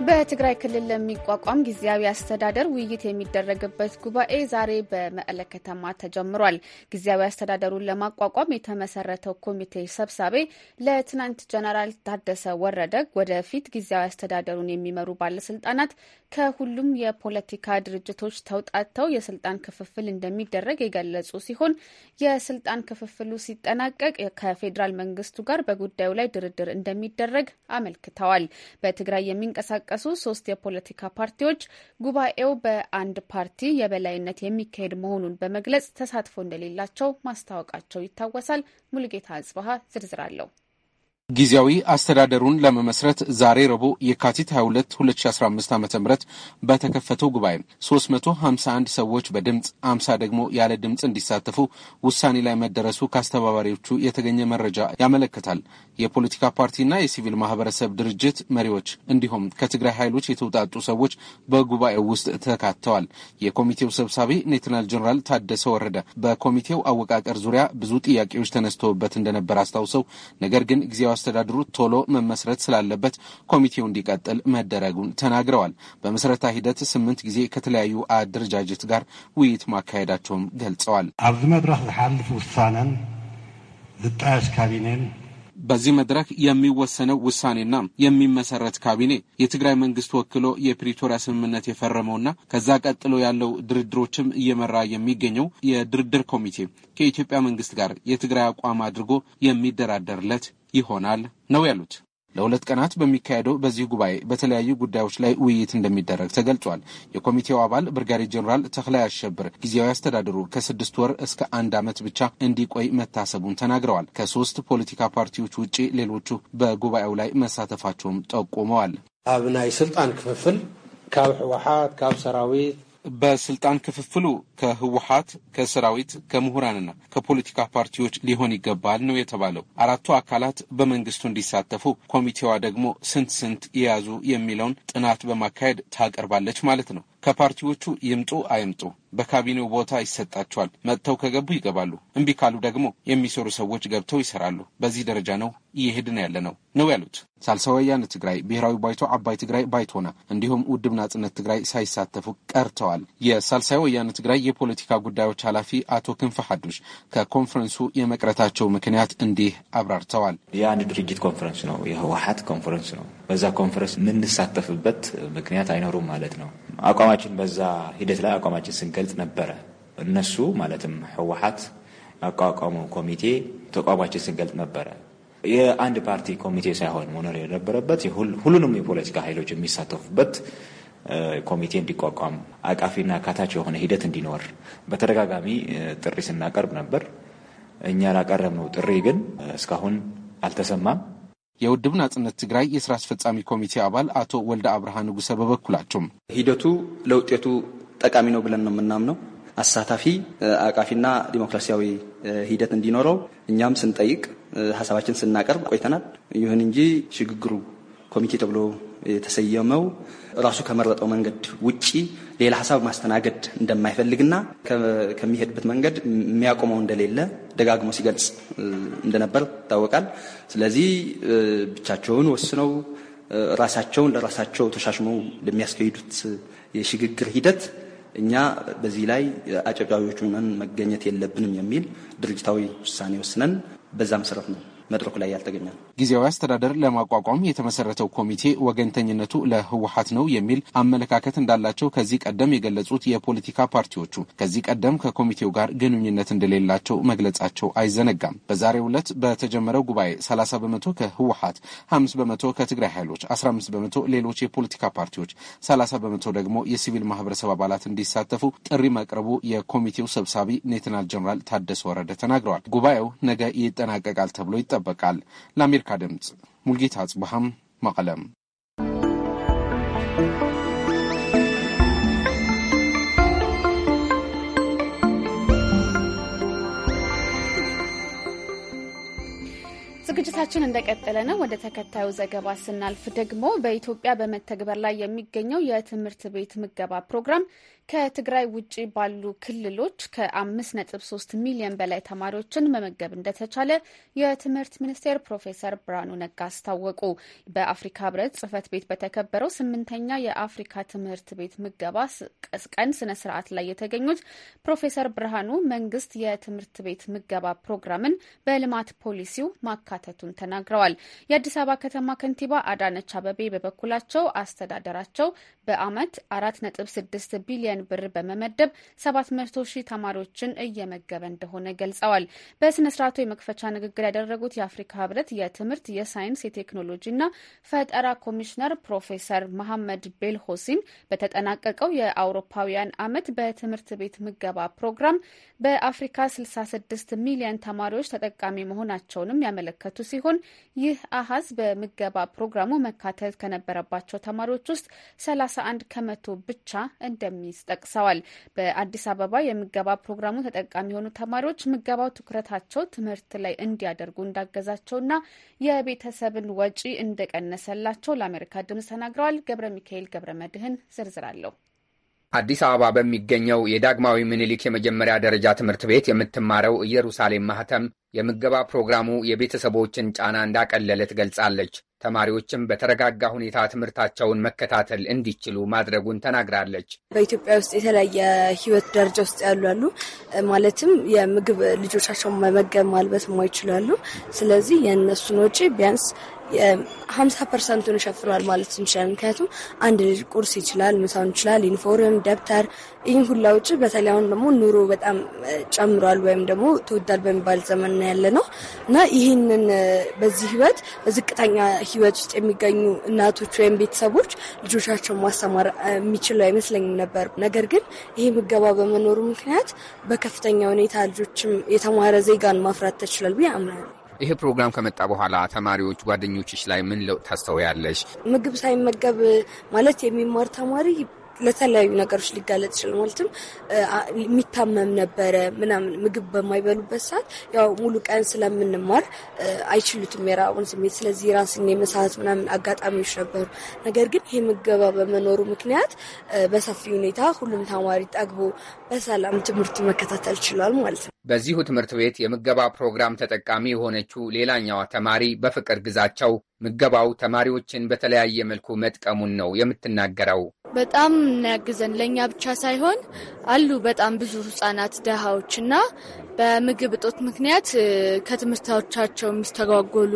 በትግራይ ክልል ለሚቋቋም ጊዜያዊ አስተዳደር ውይይት የሚደረግበት ጉባኤ ዛሬ በመቀለ ከተማ ተጀምሯል። ጊዜያዊ አስተዳደሩን ለማቋቋም የተመሰረተው ኮሚቴ ሰብሳቢ ለትናንት ጀነራል ታደሰ ወረደ ወደፊት ጊዜያዊ አስተዳደሩን የሚመሩ ባለስልጣናት ከሁሉም የፖለቲካ ድርጅቶች ተውጣጥተው የስልጣን ክፍፍል እንደሚደረግ የገለጹ ሲሆን የስልጣን ክፍፍሉ ሲጠናቀቅ ከፌዴራል መንግስቱ ጋር በጉዳዩ ላይ ድርድር እንደሚደረግ አመልክተዋል። በትግራይ የሚንቀሳቀሱ ሶስት የፖለቲካ ፓርቲዎች ጉባኤው በአንድ ፓርቲ የበላይነት የሚካሄድ መሆኑን በመግለጽ ተሳትፎ እንደሌላቸው ማስታወቃቸው ይታወሳል። ሙልጌታ አጽበሀ ዝርዝር አለው። ጊዜያዊ አስተዳደሩን ለመመስረት ዛሬ ረቡዕ የካቲት 22 2015 ዓ ም በተከፈተው ጉባኤ 351 ሰዎች በድምፅ 50 ደግሞ ያለ ድምፅ እንዲሳተፉ ውሳኔ ላይ መደረሱ ከአስተባባሪዎቹ የተገኘ መረጃ ያመለክታል። የፖለቲካ ፓርቲና የሲቪል ማህበረሰብ ድርጅት መሪዎች እንዲሁም ከትግራይ ኃይሎች የተውጣጡ ሰዎች በጉባኤው ውስጥ ተካተዋል። የኮሚቴው ሰብሳቢ ሌተናል ጀኔራል ታደሰ ወረደ በኮሚቴው አወቃቀር ዙሪያ ብዙ ጥያቄዎች ተነስተውበት እንደነበር አስታውሰው ነገር ግን ጊዜያዊ አስተዳድሩ ቶሎ መመስረት ስላለበት ኮሚቴው እንዲቀጥል መደረጉን ተናግረዋል። በምስረታ ሂደት ስምንት ጊዜ ከተለያዩ አደረጃጀት ጋር ውይይት ማካሄዳቸውም ገልጸዋል። ኣብዚ መድረክ ዝሓልፍ ውሳነን ዝጣየሽ ካቢኔን በዚህ መድረክ የሚወሰነው ውሳኔና የሚመሰረት ካቢኔ የትግራይ መንግስት ወክሎ የፕሪቶሪያ ስምምነት የፈረመውና ከዛ ቀጥሎ ያለው ድርድሮችም እየመራ የሚገኘው የድርድር ኮሚቴ ከኢትዮጵያ መንግስት ጋር የትግራይ አቋም አድርጎ የሚደራደርለት ይሆናል ነው ያሉት። ለሁለት ቀናት በሚካሄደው በዚህ ጉባኤ በተለያዩ ጉዳዮች ላይ ውይይት እንደሚደረግ ተገልጿል። የኮሚቴው አባል ብርጋዴ ጀኔራል ተክላይ አሸብር ጊዜያዊ አስተዳደሩ ከስድስት ወር እስከ አንድ ዓመት ብቻ እንዲቆይ መታሰቡን ተናግረዋል። ከሶስት ፖለቲካ ፓርቲዎች ውጭ ሌሎቹ በጉባኤው ላይ መሳተፋቸውም ጠቁመዋል። ኣብ ናይ ስልጣን ክፍፍል ካብ ሕወሓት ካብ ሰራዊት በስልጣን ክፍፍሉ ከህወሀት ከሰራዊት ከምሁራንና ከፖለቲካ ፓርቲዎች ሊሆን ይገባል ነው የተባለው። አራቱ አካላት በመንግስቱ እንዲሳተፉ ኮሚቴዋ ደግሞ ስንት ስንት የያዙ የሚለውን ጥናት በማካሄድ ታቀርባለች ማለት ነው። ከፓርቲዎቹ ይምጡ አይምጡ በካቢኔው ቦታ ይሰጣቸዋል። መጥተው ከገቡ ይገባሉ፣ እምቢ ካሉ ደግሞ የሚሰሩ ሰዎች ገብተው ይሰራሉ። በዚህ ደረጃ ነው እየሄድን ያለ ነው ነው ያሉት። ሳልሳይ ወያነ ትግራይ፣ ብሔራዊ ባይቶ አባይ ትግራይ ባይቶና እንዲሁም ውድብ ናጽነት ትግራይ ሳይሳተፉ ቀርተዋል። የሳልሳይ ወያነ ትግራይ የፖለቲካ ጉዳዮች ኃላፊ አቶ ክንፈ ሐዱሽ ከኮንፈረንሱ የመቅረታቸው ምክንያት እንዲህ አብራርተዋል። የአንድ ድርጅት ኮንፈረንስ ነው፣ የህወሀት ኮንፈረንስ ነው። በዛ ኮንፈረንስ የምንሳተፍበት ምክንያት አይኖሩም ማለት ነው አቋማችን በዛ ሂደት ላይ አቋማችን ስንገልጽ ነበረ። እነሱ ማለትም ህወሀት ያቋቋመው ኮሚቴ ተቋማችን ስንገልጽ ነበረ። የአንድ ፓርቲ ኮሚቴ ሳይሆን መኖር የነበረበት ሁሉንም የፖለቲካ ኃይሎች የሚሳተፉበት ኮሚቴ እንዲቋቋም አቃፊና አካታች የሆነ ሂደት እንዲኖር በተደጋጋሚ ጥሪ ስናቀርብ ነበር። እኛ ላቀረብነው ጥሪ ግን እስካሁን አልተሰማም። የውድብ ናጽነት ትግራይ የስራ አስፈጻሚ ኮሚቴ አባል አቶ ወልደ አብርሃ ንጉሰ በበኩላቸው ሂደቱ ለውጤቱ ጠቃሚ ነው ብለን ነው የምናምነው። አሳታፊ አቃፊና ዲሞክራሲያዊ ሂደት እንዲኖረው እኛም ስንጠይቅ ሀሳባችን ስናቀርብ ቆይተናል። ይሁን እንጂ ሽግግሩ ኮሚቴ ተብሎ የተሰየመው ራሱ ከመረጠው መንገድ ውጪ ሌላ ሀሳብ ማስተናገድ እንደማይፈልግና ከሚሄድበት መንገድ የሚያቆመው እንደሌለ ደጋግሞ ሲገልጽ እንደነበር ይታወቃል። ስለዚህ ብቻቸውን ወስነው ራሳቸውን ለራሳቸው ተሻሽመው ለሚያስካሂዱት የሽግግር ሂደት እኛ በዚህ ላይ አጨብጫቢዎች ሆነን መገኘት የለብንም የሚል ድርጅታዊ ውሳኔ ወስነን በዛ መሰረት ነው መድረኩ ላይ ያልተገኘ ነው። ጊዜያዊ አስተዳደር ለማቋቋም የተመሰረተው ኮሚቴ ወገንተኝነቱ ለህወሀት ነው የሚል አመለካከት እንዳላቸው ከዚህ ቀደም የገለጹት የፖለቲካ ፓርቲዎቹ ከዚህ ቀደም ከኮሚቴው ጋር ግንኙነት እንደሌላቸው መግለጻቸው አይዘነጋም። በዛሬው ዕለት በተጀመረው ጉባኤ 30 በመቶ ከህወሀት፣ 5 በመቶ ከትግራይ ኃይሎች፣ 15 በመቶ ሌሎች የፖለቲካ ፓርቲዎች፣ 30 በመቶ ደግሞ የሲቪል ማህበረሰብ አባላት እንዲሳተፉ ጥሪ መቅረቡ የኮሚቴው ሰብሳቢ ሌተናል ጀኔራል ታደሰ ወረደ ተናግረዋል። ጉባኤው ነገ ይጠናቀቃል ተብሎ ይጠ ይጠበቃል። ለአሜሪካ ድምፅ ሙልጌታ አጽብሃም መቀለም። ዝግጅታችን እንደቀጠለ ነው። ወደ ተከታዩ ዘገባ ስናልፍ ደግሞ በኢትዮጵያ በመተግበር ላይ የሚገኘው የትምህርት ቤት ምገባ ፕሮግራም ከትግራይ ውጭ ባሉ ክልሎች ከአምስት ነጥብ ሶስት ሚሊዮን በላይ ተማሪዎችን መመገብ እንደተቻለ የትምህርት ሚኒስቴር ፕሮፌሰር ብርሃኑ ነጋ አስታወቁ። በአፍሪካ ህብረት ጽህፈት ቤት በተከበረው ስምንተኛ የአፍሪካ ትምህርት ቤት ምገባ ቀን ስነ ስርዓት ላይ የተገኙት ፕሮፌሰር ብርሃኑ መንግስት የትምህርት ቤት ምገባ ፕሮግራምን በልማት ፖሊሲው ማካተቱን ተናግረዋል። የአዲስ አበባ ከተማ ከንቲባ አዳነች አበቤ በበኩላቸው አስተዳደራቸው በአመት አራት ነጥብ ስድስት ቢሊዮን ሚሊየን ብር በመመደብ 700 ሺህ ተማሪዎችን እየመገበ እንደሆነ ገልጸዋል። በስነ ስርዓቱ የመክፈቻ ንግግር ያደረጉት የአፍሪካ ህብረት የትምህርት የሳይንስ የቴክኖሎጂና ፈጠራ ኮሚሽነር ፕሮፌሰር መሐመድ ቤል ሆሲን በተጠናቀቀው የአውሮፓውያን አመት በትምህርት ቤት ምገባ ፕሮግራም በአፍሪካ 66 ሚሊዮን ተማሪዎች ተጠቃሚ መሆናቸውንም ያመለከቱ ሲሆን ይህ አሀዝ በምገባ ፕሮግራሙ መካተት ከነበረባቸው ተማሪዎች ውስጥ 31 ከመቶ ብቻ እንደሚይዝ ጠቅሰዋል። በአዲስ አበባ የምገባ ፕሮግራሙ ተጠቃሚ የሆኑ ተማሪዎች ምገባው ትኩረታቸው ትምህርት ላይ እንዲያደርጉ እንዳገዛቸውና የቤተሰብን ወጪ እንደቀነሰላቸው ለአሜሪካ ድምፅ ተናግረዋል። ገብረ ሚካኤል ገብረ መድህን ዝርዝራለሁ። አዲስ አበባ በሚገኘው የዳግማዊ ምኒልክ የመጀመሪያ ደረጃ ትምህርት ቤት የምትማረው ኢየሩሳሌም ማህተም የምገባ ፕሮግራሙ የቤተሰቦችን ጫና እንዳቀለለ ትገልጻለች። ተማሪዎችም በተረጋጋ ሁኔታ ትምህርታቸውን መከታተል እንዲችሉ ማድረጉን ተናግራለች። በኢትዮጵያ ውስጥ የተለያየ ሕይወት ደረጃ ውስጥ ያሉ ማለትም የምግብ ልጆቻቸውን መመገብ ማልበት ማይችላሉ። ስለዚህ የእነሱን ወጪ ቢያንስ ሀምሳ ፐርሰንቱን ይሸፍናል ማለት እንችላል። ምክንያቱም አንድ ልጅ ቁርስ ይችላል፣ ምሳውን ይችላል፣ ዩኒፎርም፣ ደብተር ይህን ሁላ ውጭ በተለይ አሁን ደግሞ ኑሮ በጣም ጨምሯል ወይም ደግሞ ተወዳል በሚባል ዘመን ያለ ነው እና ይህንን በዚህ ህይወት በዝቅተኛ ህይወት ውስጥ የሚገኙ እናቶች ወይም ቤተሰቦች ልጆቻቸውን ማስተማር የሚችሉ አይመስለኝም ነበር። ነገር ግን ይህ ምገባ በመኖሩ ምክንያት በከፍተኛ ሁኔታ ልጆችም የተማረ ዜጋን ማፍራት ተችሏል ብዬ አምናለሁ። ይህ ፕሮግራም ከመጣ በኋላ ተማሪዎች ጓደኞችሽ ላይ ምን ለውጥ ታስተውያለሽ? ምግብ ሳይመገብ ማለት የሚማር ተማሪ ለተለያዩ ነገሮች ሊጋለጥ ይችላል። ማለትም የሚታመም ነበረ ምናምን ምግብ በማይበሉበት ሰዓት ያው ሙሉ ቀን ስለምንማር አይችሉትም የራቡን ስሜት። ስለዚህ ራስን የመሳት ምናምን አጋጣሚዎች ነበሩ። ነገር ግን ይህ ምገባ በመኖሩ ምክንያት በሰፊ ሁኔታ ሁሉም ተማሪ ጠግቦ በሰላም ትምህርት መከታተል ችሏል ማለት ነው። በዚሁ ትምህርት ቤት የምገባ ፕሮግራም ተጠቃሚ የሆነችው ሌላኛዋ ተማሪ በፍቅር ግዛቸው ምገባው ተማሪዎችን በተለያየ መልኩ መጥቀሙን ነው የምትናገረው። በጣም እናያግዘን ለእኛ ብቻ ሳይሆን አሉ በጣም ብዙ ህጻናት፣ ደሃዎች እና በምግብ እጦት ምክንያት ከትምህርታዎቻቸው የሚስተጓጎሉ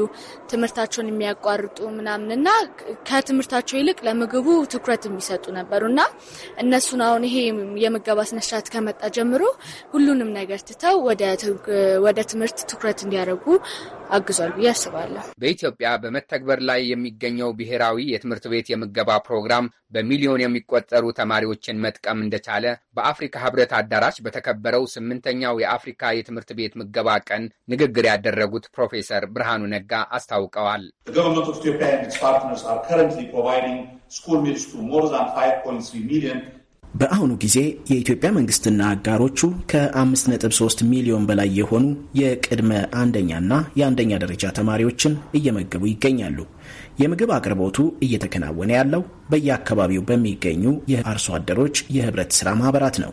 ትምህርታቸውን የሚያቋርጡ ምናምንና ከትምህርታቸው ይልቅ ለምግቡ ትኩረት የሚሰጡ ነበሩ እና እነሱን አሁን ይሄ የምገባ ስነስርዓት ከመጣ ጀምሮ ሁሉንም ነገር ትተው ወደ ትምህርት ትኩረት እንዲያደርጉ አግዟል ብዬ አስባለሁ። በኢትዮጵያ በመተግበር ላይ የሚገኘው ብሔራዊ የትምህርት ቤት የምገባ ፕሮግራም በሚሊዮን የሚቆጠሩ ተማሪዎችን መጥቀም እንደቻለ በአፍሪካ ሕብረት አዳራሽ በተከበረው ስምንተኛው የአፍሪካ የትምህርት ቤት ምገባ ቀን ንግግር ያደረጉት ፕሮፌሰር ብርሃኑ ነጋ አስታውቀዋል። በአሁኑ ጊዜ የኢትዮጵያ መንግስትና አጋሮቹ ከ5.3 ሚሊዮን በላይ የሆኑ የቅድመ አንደኛና የአንደኛ ደረጃ ተማሪዎችን እየመገቡ ይገኛሉ። የምግብ አቅርቦቱ እየተከናወነ ያለው በየአካባቢው በሚገኙ የአርሶ አደሮች የህብረት ስራ ማህበራት ነው።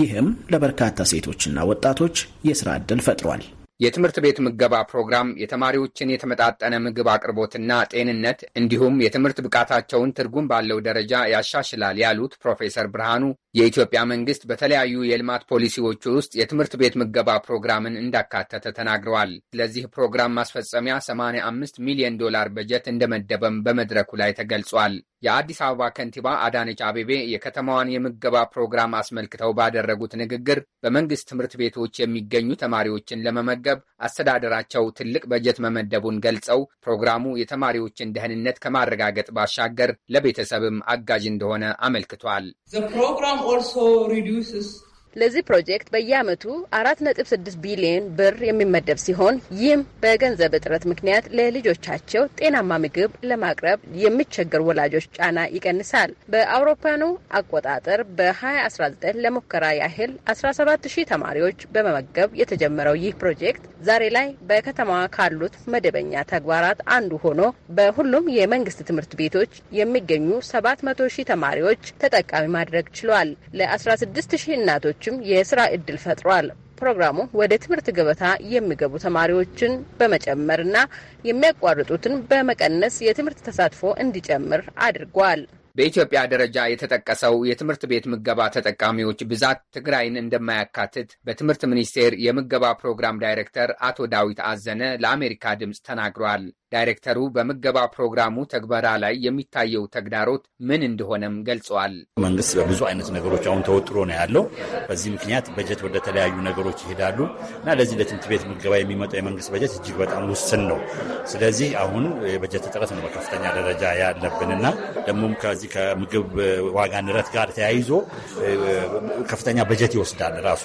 ይህም ለበርካታ ሴቶችና ወጣቶች የስራ ዕድል ፈጥሯል። የትምህርት ቤት ምገባ ፕሮግራም የተማሪዎችን የተመጣጠነ ምግብ አቅርቦትና ጤንነት እንዲሁም የትምህርት ብቃታቸውን ትርጉም ባለው ደረጃ ያሻሽላል ያሉት ፕሮፌሰር ብርሃኑ የኢትዮጵያ መንግስት በተለያዩ የልማት ፖሊሲዎች ውስጥ የትምህርት ቤት ምገባ ፕሮግራምን እንዳካተተ ተናግረዋል። ለዚህ ፕሮግራም ማስፈጸሚያ 85 ሚሊዮን ዶላር በጀት እንደመደበም በመድረኩ ላይ ተገልጿል። የአዲስ አበባ ከንቲባ አዳነች አቤቤ የከተማዋን የምገባ ፕሮግራም አስመልክተው ባደረጉት ንግግር በመንግስት ትምህርት ቤቶች የሚገኙ ተማሪዎችን ለመመ እንዲመዘገብ አስተዳደራቸው ትልቅ በጀት መመደቡን ገልጸው ፕሮግራሙ የተማሪዎችን ደህንነት ከማረጋገጥ ባሻገር ለቤተሰብም አጋዥ እንደሆነ አመልክቷል። ለዚህ ፕሮጀክት በየአመቱ አራት ነጥብ ስድስት ቢሊዮን ብር የሚመደብ ሲሆን ይህም በገንዘብ እጥረት ምክንያት ለልጆቻቸው ጤናማ ምግብ ለማቅረብ የሚቸገር ወላጆች ጫና ይቀንሳል። በአውሮፓኑ አቆጣጠር በ2019 ለሙከራ ያህል 170 ተማሪዎች በመመገብ የተጀመረው ይህ ፕሮጀክት ዛሬ ላይ በከተማዋ ካሉት መደበኛ ተግባራት አንዱ ሆኖ በሁሉም የመንግስት ትምህርት ቤቶች የሚገኙ 700 ሺህ ተማሪዎች ተጠቃሚ ማድረግ ችሏል። ለ16 እናቶች ተማሪዎችም የስራ እድል ፈጥሯል። ፕሮግራሙ ወደ ትምህርት ገበታ የሚገቡ ተማሪዎችን በመጨመርና የሚያቋርጡትን በመቀነስ የትምህርት ተሳትፎ እንዲጨምር አድርጓል። በኢትዮጵያ ደረጃ የተጠቀሰው የትምህርት ቤት ምገባ ተጠቃሚዎች ብዛት ትግራይን እንደማያካትት በትምህርት ሚኒስቴር የምገባ ፕሮግራም ዳይሬክተር አቶ ዳዊት አዘነ ለአሜሪካ ድምፅ ተናግሯል። ዳይሬክተሩ በምገባ ፕሮግራሙ ተግበራ ላይ የሚታየው ተግዳሮት ምን እንደሆነም ገልጸዋል። መንግስት በብዙ አይነት ነገሮች አሁን ተወጥሮ ነው ያለው። በዚህ ምክንያት በጀት ወደ ተለያዩ ነገሮች ይሄዳሉ እና ለዚህ ለትምህርት ቤት ምገባ የሚመጣው የመንግስት በጀት እጅግ በጣም ውስን ነው። ስለዚህ አሁን የበጀት እጥረት ነው በከፍተኛ ደረጃ ያለብንና ደግሞም ከዚህ ከምግብ ዋጋ ንረት ጋር ተያይዞ ከፍተኛ በጀት ይወስዳል። ራሱ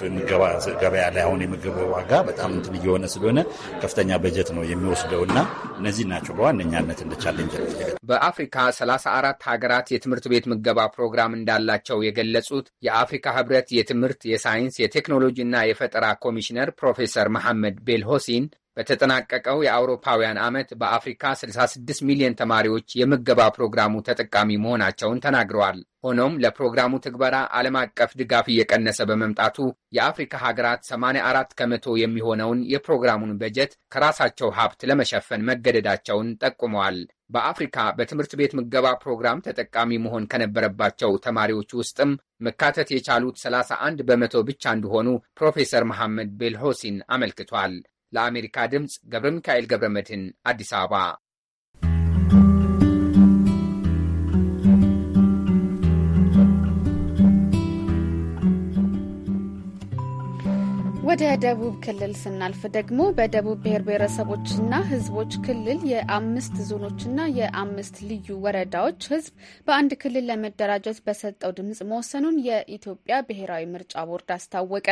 ገበያ ላይ አሁን የምግብ ዋጋ በጣም እንትን እየሆነ ስለሆነ ከፍተኛ በጀት ነው የሚወስደውና እነዚህ እነዚህ ናቸው በዋነኛነት እንደ በአፍሪካ 34 ሀገራት የትምህርት ቤት ምገባ ፕሮግራም እንዳላቸው የገለጹት የአፍሪካ ህብረት የትምህርት የሳይንስ የቴክኖሎጂ እና የፈጠራ ኮሚሽነር ፕሮፌሰር መሐመድ ቤልሆሲን በተጠናቀቀው የአውሮፓውያን ዓመት በአፍሪካ 66 ሚሊዮን ተማሪዎች የምገባ ፕሮግራሙ ተጠቃሚ መሆናቸውን ተናግረዋል። ሆኖም ለፕሮግራሙ ትግበራ ዓለም አቀፍ ድጋፍ እየቀነሰ በመምጣቱ የአፍሪካ ሀገራት 84 ከመቶ የሚሆነውን የፕሮግራሙን በጀት ከራሳቸው ሀብት ለመሸፈን መገደዳቸውን ጠቁመዋል። በአፍሪካ በትምህርት ቤት ምገባ ፕሮግራም ተጠቃሚ መሆን ከነበረባቸው ተማሪዎች ውስጥም መካተት የቻሉት 31 በመቶ ብቻ እንደሆኑ ፕሮፌሰር መሐመድ ቤልሆሲን አመልክቷል። ለአሜሪካ ድምፅ ገብረ ሚካኤል ገብረ መድህን አዲስ አበባ ወደ ደቡብ ክልል ስናልፍ ደግሞ በደቡብ ብሔር ብሔረሰቦችና ሕዝቦች ክልል የአምስት ዞኖችና የአምስት ልዩ ወረዳዎች ሕዝብ በአንድ ክልል ለመደራጀት በሰጠው ድምጽ መወሰኑን የኢትዮጵያ ብሔራዊ ምርጫ ቦርድ አስታወቀ።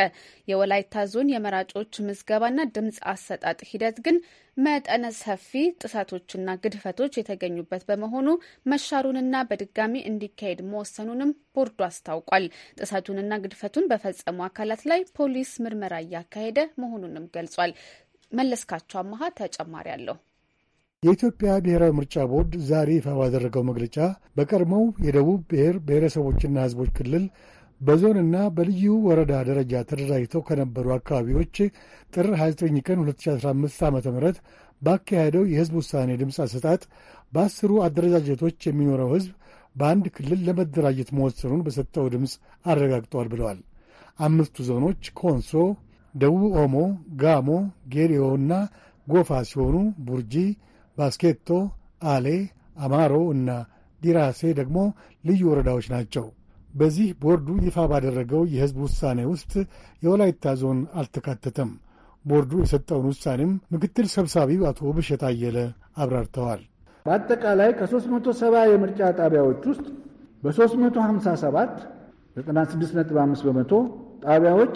የወላይታ ዞን የመራጮች ምዝገባና ድምጽ አሰጣጥ ሂደት ግን መጠነ ሰፊ ጥሰቶችና ግድፈቶች የተገኙበት በመሆኑ መሻሩንና በድጋሚ እንዲካሄድ መወሰኑንም ቦርዱ አስታውቋል። ጥሰቱንና ግድፈቱን በፈጸሙ አካላት ላይ ፖሊስ ምርመራ እያካሄደ መሆኑንም ገልጿል። መለስካቸው አመሃ ተጨማሪ አለው። የኢትዮጵያ ብሔራዊ ምርጫ ቦርድ ዛሬ ይፋ ባደረገው መግለጫ በቀድሞው የደቡብ ብሔር ብሔረሰቦችና ሕዝቦች ክልል በዞንና በልዩ ወረዳ ደረጃ ተደራጅተው ከነበሩ አካባቢዎች ጥር 29 ቀን 2015 ዓ ም ባካሄደው የህዝብ ውሳኔ ድምፅ አሰጣጥ በአስሩ አደረጃጀቶች የሚኖረው ሕዝብ በአንድ ክልል ለመደራጀት መወሰኑን በሰጠው ድምፅ አረጋግጧል ብለዋል። አምስቱ ዞኖች ኮንሶ፣ ደቡብ ኦሞ፣ ጋሞ፣ እና ጎፋ ሲሆኑ ቡርጂ፣ ባስኬቶ፣ አሌ፣ አማሮ እና ዲራሴ ደግሞ ልዩ ወረዳዎች ናቸው። በዚህ ቦርዱ ይፋ ባደረገው የሕዝብ ውሳኔ ውስጥ የወላይታ ዞን አልተካተተም። ቦርዱ የሰጠውን ውሳኔም ምክትል ሰብሳቢው አቶ ብሸት አየለ አብራርተዋል። በአጠቃላይ ከ370 የምርጫ ጣቢያዎች ውስጥ በ357 96.5 በመቶ ጣቢያዎች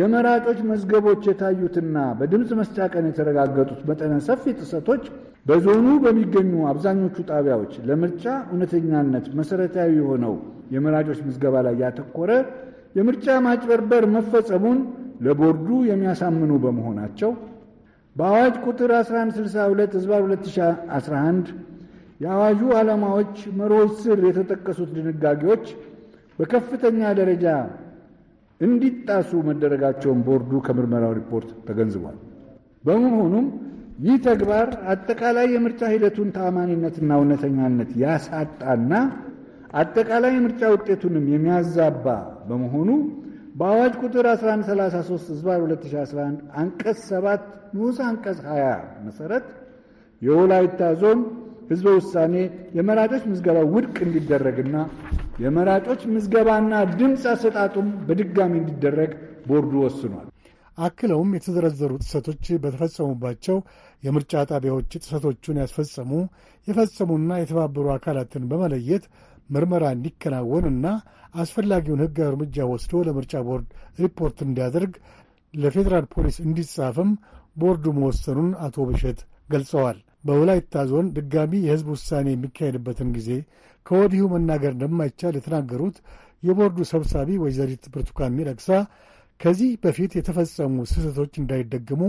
የመራጮች መዝገቦች የታዩትና በድምፅ መስጫ ቀን የተረጋገጡት መጠነ ሰፊ ጥሰቶች በዞኑ በሚገኙ አብዛኞቹ ጣቢያዎች ለምርጫ እውነተኛነት መሰረታዊ የሆነው የመራጮች ምዝገባ ላይ ያተኮረ የምርጫ ማጭበርበር መፈጸሙን ለቦርዱ የሚያሳምኑ በመሆናቸው በአዋጅ ቁጥር 1162 ህዝባ 2011 የአዋጁ ዓላማዎች መሮዝ ስር የተጠቀሱት ድንጋጌዎች በከፍተኛ ደረጃ እንዲጣሱ መደረጋቸውን ቦርዱ ከምርመራው ሪፖርት ተገንዝቧል። በመሆኑም ይህ ተግባር አጠቃላይ የምርጫ ሂደቱን ተአማኒነትና እውነተኛነት ያሳጣና አጠቃላይ የምርጫ ውጤቱንም የሚያዛባ በመሆኑ በአዋጅ ቁጥር 1133 ዝባር 2011 አንቀጽ 7 ንዑስ አንቀጽ 20 መሰረት የወላይታ ዞን ህዝበ ውሳኔ የመራጮች ምዝገባ ውድቅ እንዲደረግና የመራጮች ምዝገባና ድምፅ አሰጣጡም በድጋሚ እንዲደረግ ቦርዱ ወስኗል። አክለውም የተዘረዘሩ ጥሰቶች በተፈጸሙባቸው የምርጫ ጣቢያዎች ጥሰቶቹን ያስፈጸሙ የፈጸሙና የተባበሩ አካላትን በመለየት ምርመራ እንዲከናወን እና አስፈላጊውን ሕጋዊ እርምጃ ወስዶ ለምርጫ ቦርድ ሪፖርት እንዲያደርግ ለፌዴራል ፖሊስ እንዲጻፍም ቦርዱ መወሰኑን አቶ ብሸት ገልጸዋል። በወላይታ ዞን ድጋሚ የሕዝብ ውሳኔ የሚካሄድበትን ጊዜ ከወዲሁ መናገር እንደማይቻል የተናገሩት የቦርዱ ሰብሳቢ ወይዘሪት ብርቱካን ሚደቅሳ ከዚህ በፊት የተፈጸሙ ስህተቶች እንዳይደገሙ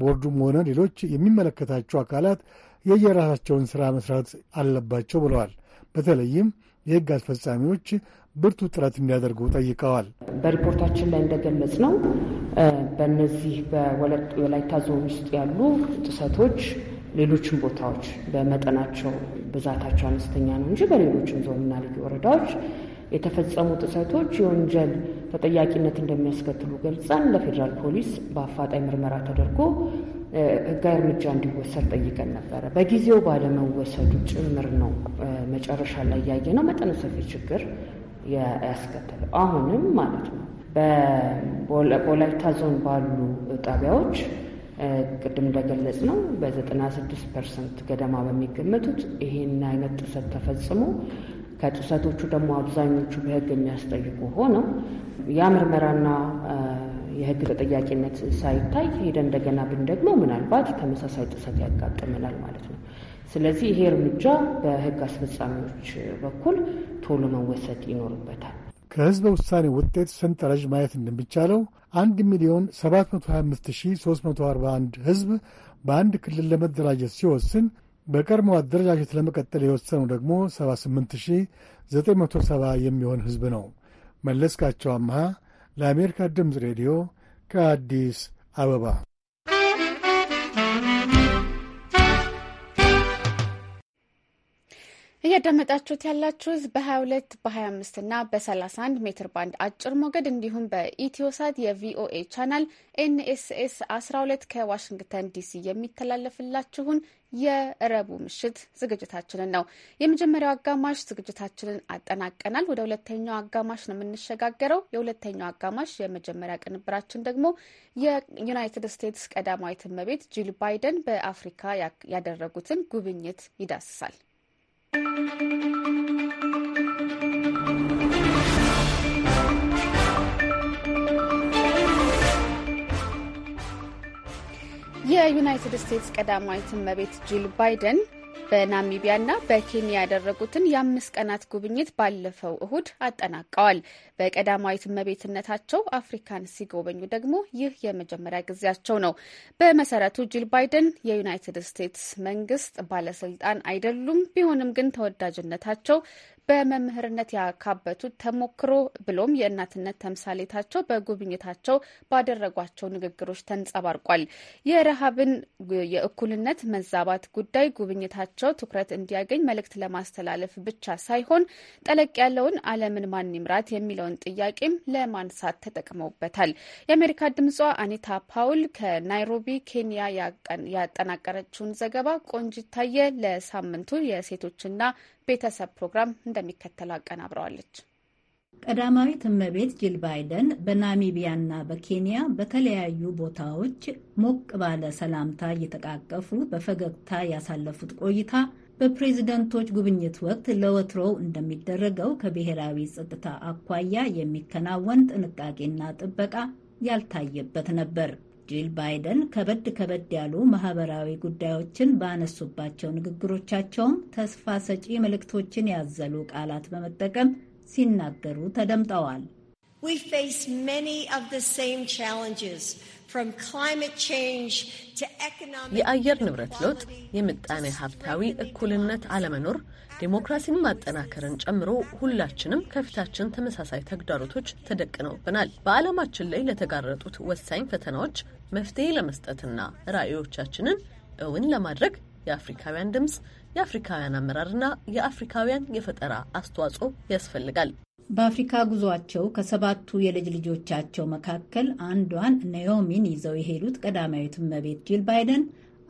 ቦርዱም ሆነ ሌሎች የሚመለከታቸው አካላት የየራሳቸውን ሥራ መሥራት አለባቸው ብለዋል። በተለይም የሕግ አስፈጻሚዎች ብርቱ ጥረት እንዲያደርጉ ጠይቀዋል። በሪፖርታችን ላይ እንደገለጽ ነው በእነዚህ በወላይታ ዞን ውስጥ ያሉ ጥሰቶች ሌሎችም ቦታዎች በመጠናቸው ብዛታቸው አነስተኛ ነው እንጂ በሌሎችም ዞንና ልዩ ወረዳዎች የተፈጸሙ ጥሰቶች የወንጀል ተጠያቂነት እንደሚያስከትሉ ገልጸን ለፌዴራል ፖሊስ በአፋጣኝ ምርመራ ተደርጎ ሕጋዊ እርምጃ እንዲወሰድ ጠይቀን ነበረ። በጊዜው ባለመወሰዱ ጭምር ነው መጨረሻ ላይ ያየ ነው መጠነ ሰፊ ችግር ያስከተለው። አሁንም ማለት ነው በወላይታ ዞን ባሉ ጣቢያዎች ቅድም እንደገለጽ ነው በ96 ፐርሰንት ገደማ በሚገመቱት ይህን አይነት ጥሰት ተፈጽሞ ከጥሰቶቹ ደግሞ አብዛኞቹ በህግ የሚያስጠይቁ ሆነው ያ ምርመራና የህግ ተጠያቂነት ሳይታይ ሄደ እንደገና ደግሞ ምናልባት ተመሳሳይ ጥሰት ያጋጥመናል ማለት ነው። ስለዚህ ይሄ እርምጃ በህግ አስፈጻሚዎች በኩል ቶሎ መወሰድ ይኖርበታል። ከህዝበ ውሳኔ ውጤት ሰንጠረዥ ማየት እንደሚቻለው 1 ሚሊዮን 725,341 ህዝብ በአንድ ክልል ለመደራጀት ሲወስን በቀድሞ አደረጃጀት ለመቀጠል የወሰኑ ደግሞ 78970 የሚሆን ሕዝብ ነው። መለስካቸው አምሃ ለአሜሪካ ድምፅ ሬዲዮ ከአዲስ አበባ እያዳመጣችሁት ያላችሁት በ22 በ25 እና በ31 ሜትር ባንድ አጭር ሞገድ እንዲሁም በኢትዮሳት የቪኦኤ ቻናል ኤንኤስኤስ 12 ከዋሽንግተን ዲሲ የሚተላለፍላችሁን የረቡ ምሽት ዝግጅታችንን ነው። የመጀመሪያው አጋማሽ ዝግጅታችንን አጠናቀናል። ወደ ሁለተኛው አጋማሽ ነው የምንሸጋገረው። የሁለተኛው አጋማሽ የመጀመሪያ ቅንብራችን ደግሞ የዩናይትድ ስቴትስ ቀዳማዊት እመቤት ጂል ባይደን በአፍሪካ ያደረጉትን ጉብኝት ይዳስሳል። የዩናይትድ ስቴትስ ቀዳማዊት እመቤት ጂል ባይደን በናሚቢያና በኬንያ ያደረጉትን የአምስት ቀናት ጉብኝት ባለፈው እሁድ አጠናቀዋል። በቀዳማዊት እመቤትነታቸው አፍሪካን ሲጎበኙ ደግሞ ይህ የመጀመሪያ ጊዜያቸው ነው። በመሰረቱ ጂል ባይደን የዩናይትድ ስቴትስ መንግስት ባለስልጣን አይደሉም። ቢሆንም ግን ተወዳጅነታቸው በመምህርነት ያካበቱት ተሞክሮ ብሎም የእናትነት ተምሳሌታቸው በጉብኝታቸው ባደረጓቸው ንግግሮች ተንጸባርቋል። የረሃብን የእኩልነት መዛባት ጉዳይ ጉብኝታቸው ትኩረት እንዲያገኝ መልእክት ለማስተላለፍ ብቻ ሳይሆን ጠለቅ ያለውን ዓለምን ማን ይምራት የሚለውን ጥያቄም ለማንሳት ተጠቅመውበታል። የአሜሪካ ድምጿ አኒታ ፓውል ከናይሮቢ ኬንያ ያጠናቀረችውን ዘገባ ቆንጅታየ ለሳምንቱ የሴቶችና ቤተሰብ ፕሮግራም እንደሚከተል አቀናብረዋለች። ቀዳማዊት እመቤት ጂል ባይደን በናሚቢያና በኬንያ በተለያዩ ቦታዎች ሞቅ ባለ ሰላምታ እየተቃቀፉ በፈገግታ ያሳለፉት ቆይታ በፕሬዝደንቶች ጉብኝት ወቅት ለወትሮው እንደሚደረገው ከብሔራዊ ጸጥታ አኳያ የሚከናወን ጥንቃቄና ጥበቃ ያልታየበት ነበር። ጂል ባይደን ከበድ ከበድ ያሉ ማህበራዊ ጉዳዮችን ባነሱባቸው ንግግሮቻቸውም ተስፋ ሰጪ መልእክቶችን ያዘሉ ቃላት በመጠቀም ሲናገሩ ተደምጠዋል። We face many of the same challenges. የአየር ንብረት ለውጥ፣ የምጣኔ ሀብታዊ እኩልነት አለመኖር፣ ዴሞክራሲን ማጠናከርን ጨምሮ ሁላችንም ከፊታችን ተመሳሳይ ተግዳሮቶች ተደቅነውብናል። በዓለማችን ላይ ለተጋረጡት ወሳኝ ፈተናዎች መፍትሄ ለመስጠትና ራዕዮቻችንን እውን ለማድረግ የአፍሪካውያን ድምፅ፣ የአፍሪካውያን አመራርና የአፍሪካውያን የፈጠራ አስተዋጽኦ ያስፈልጋል። በአፍሪካ ጉዟቸው ከሰባቱ የልጅ ልጆቻቸው መካከል አንዷን ናዮሚን ይዘው የሄዱት ቀዳማዊት እመቤት ጂል ባይደን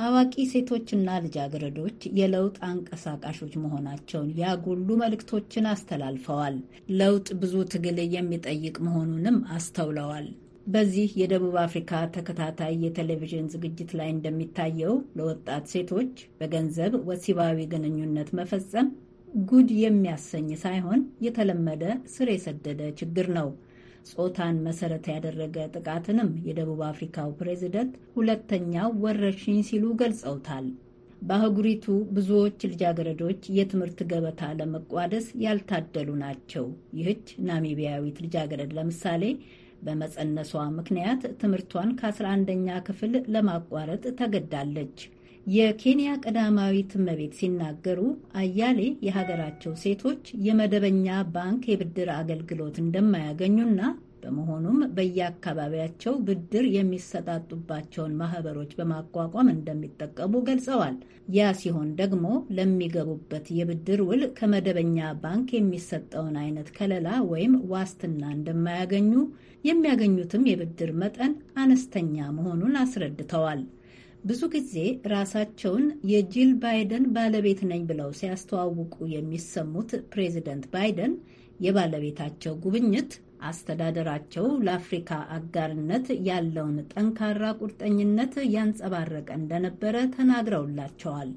አዋቂ ሴቶችና ልጃገረዶች የለውጥ አንቀሳቃሾች መሆናቸውን ያጎሉ መልእክቶችን አስተላልፈዋል። ለውጥ ብዙ ትግል የሚጠይቅ መሆኑንም አስተውለዋል። በዚህ የደቡብ አፍሪካ ተከታታይ የቴሌቪዥን ዝግጅት ላይ እንደሚታየው ለወጣት ሴቶች በገንዘብ ወሲባዊ ግንኙነት መፈጸም ጉድ የሚያሰኝ ሳይሆን የተለመደ ስር የሰደደ ችግር ነው። ጾታን መሰረት ያደረገ ጥቃትንም የደቡብ አፍሪካው ፕሬዚደንት ሁለተኛው ወረርሽኝ ሲሉ ገልጸውታል። በአህጉሪቱ ብዙዎች ልጃገረዶች የትምህርት ገበታ ለመቋደስ ያልታደሉ ናቸው። ይህች ናሚቢያዊት ልጃገረድ ለምሳሌ በመጸነሷ ምክንያት ትምህርቷን ከ11ኛ ክፍል ለማቋረጥ ተገዳለች። የኬንያ ቀዳማዊት እመቤት ሲናገሩ አያሌ የሀገራቸው ሴቶች የመደበኛ ባንክ የብድር አገልግሎት እንደማያገኙና በመሆኑም በየአካባቢያቸው ብድር የሚሰጣጡባቸውን ማህበሮች በማቋቋም እንደሚጠቀሙ ገልጸዋል። ያ ሲሆን ደግሞ ለሚገቡበት የብድር ውል ከመደበኛ ባንክ የሚሰጠውን አይነት ከለላ ወይም ዋስትና እንደማያገኙ፣ የሚያገኙትም የብድር መጠን አነስተኛ መሆኑን አስረድተዋል። ብዙ ጊዜ ራሳቸውን የጂል ባይደን ባለቤት ነኝ ብለው ሲያስተዋውቁ የሚሰሙት ፕሬዚደንት ባይደን የባለቤታቸው ጉብኝት አስተዳደራቸው ለአፍሪካ አጋርነት ያለውን ጠንካራ ቁርጠኝነት ያንጸባረቀ እንደነበረ ተናግረውላቸዋል።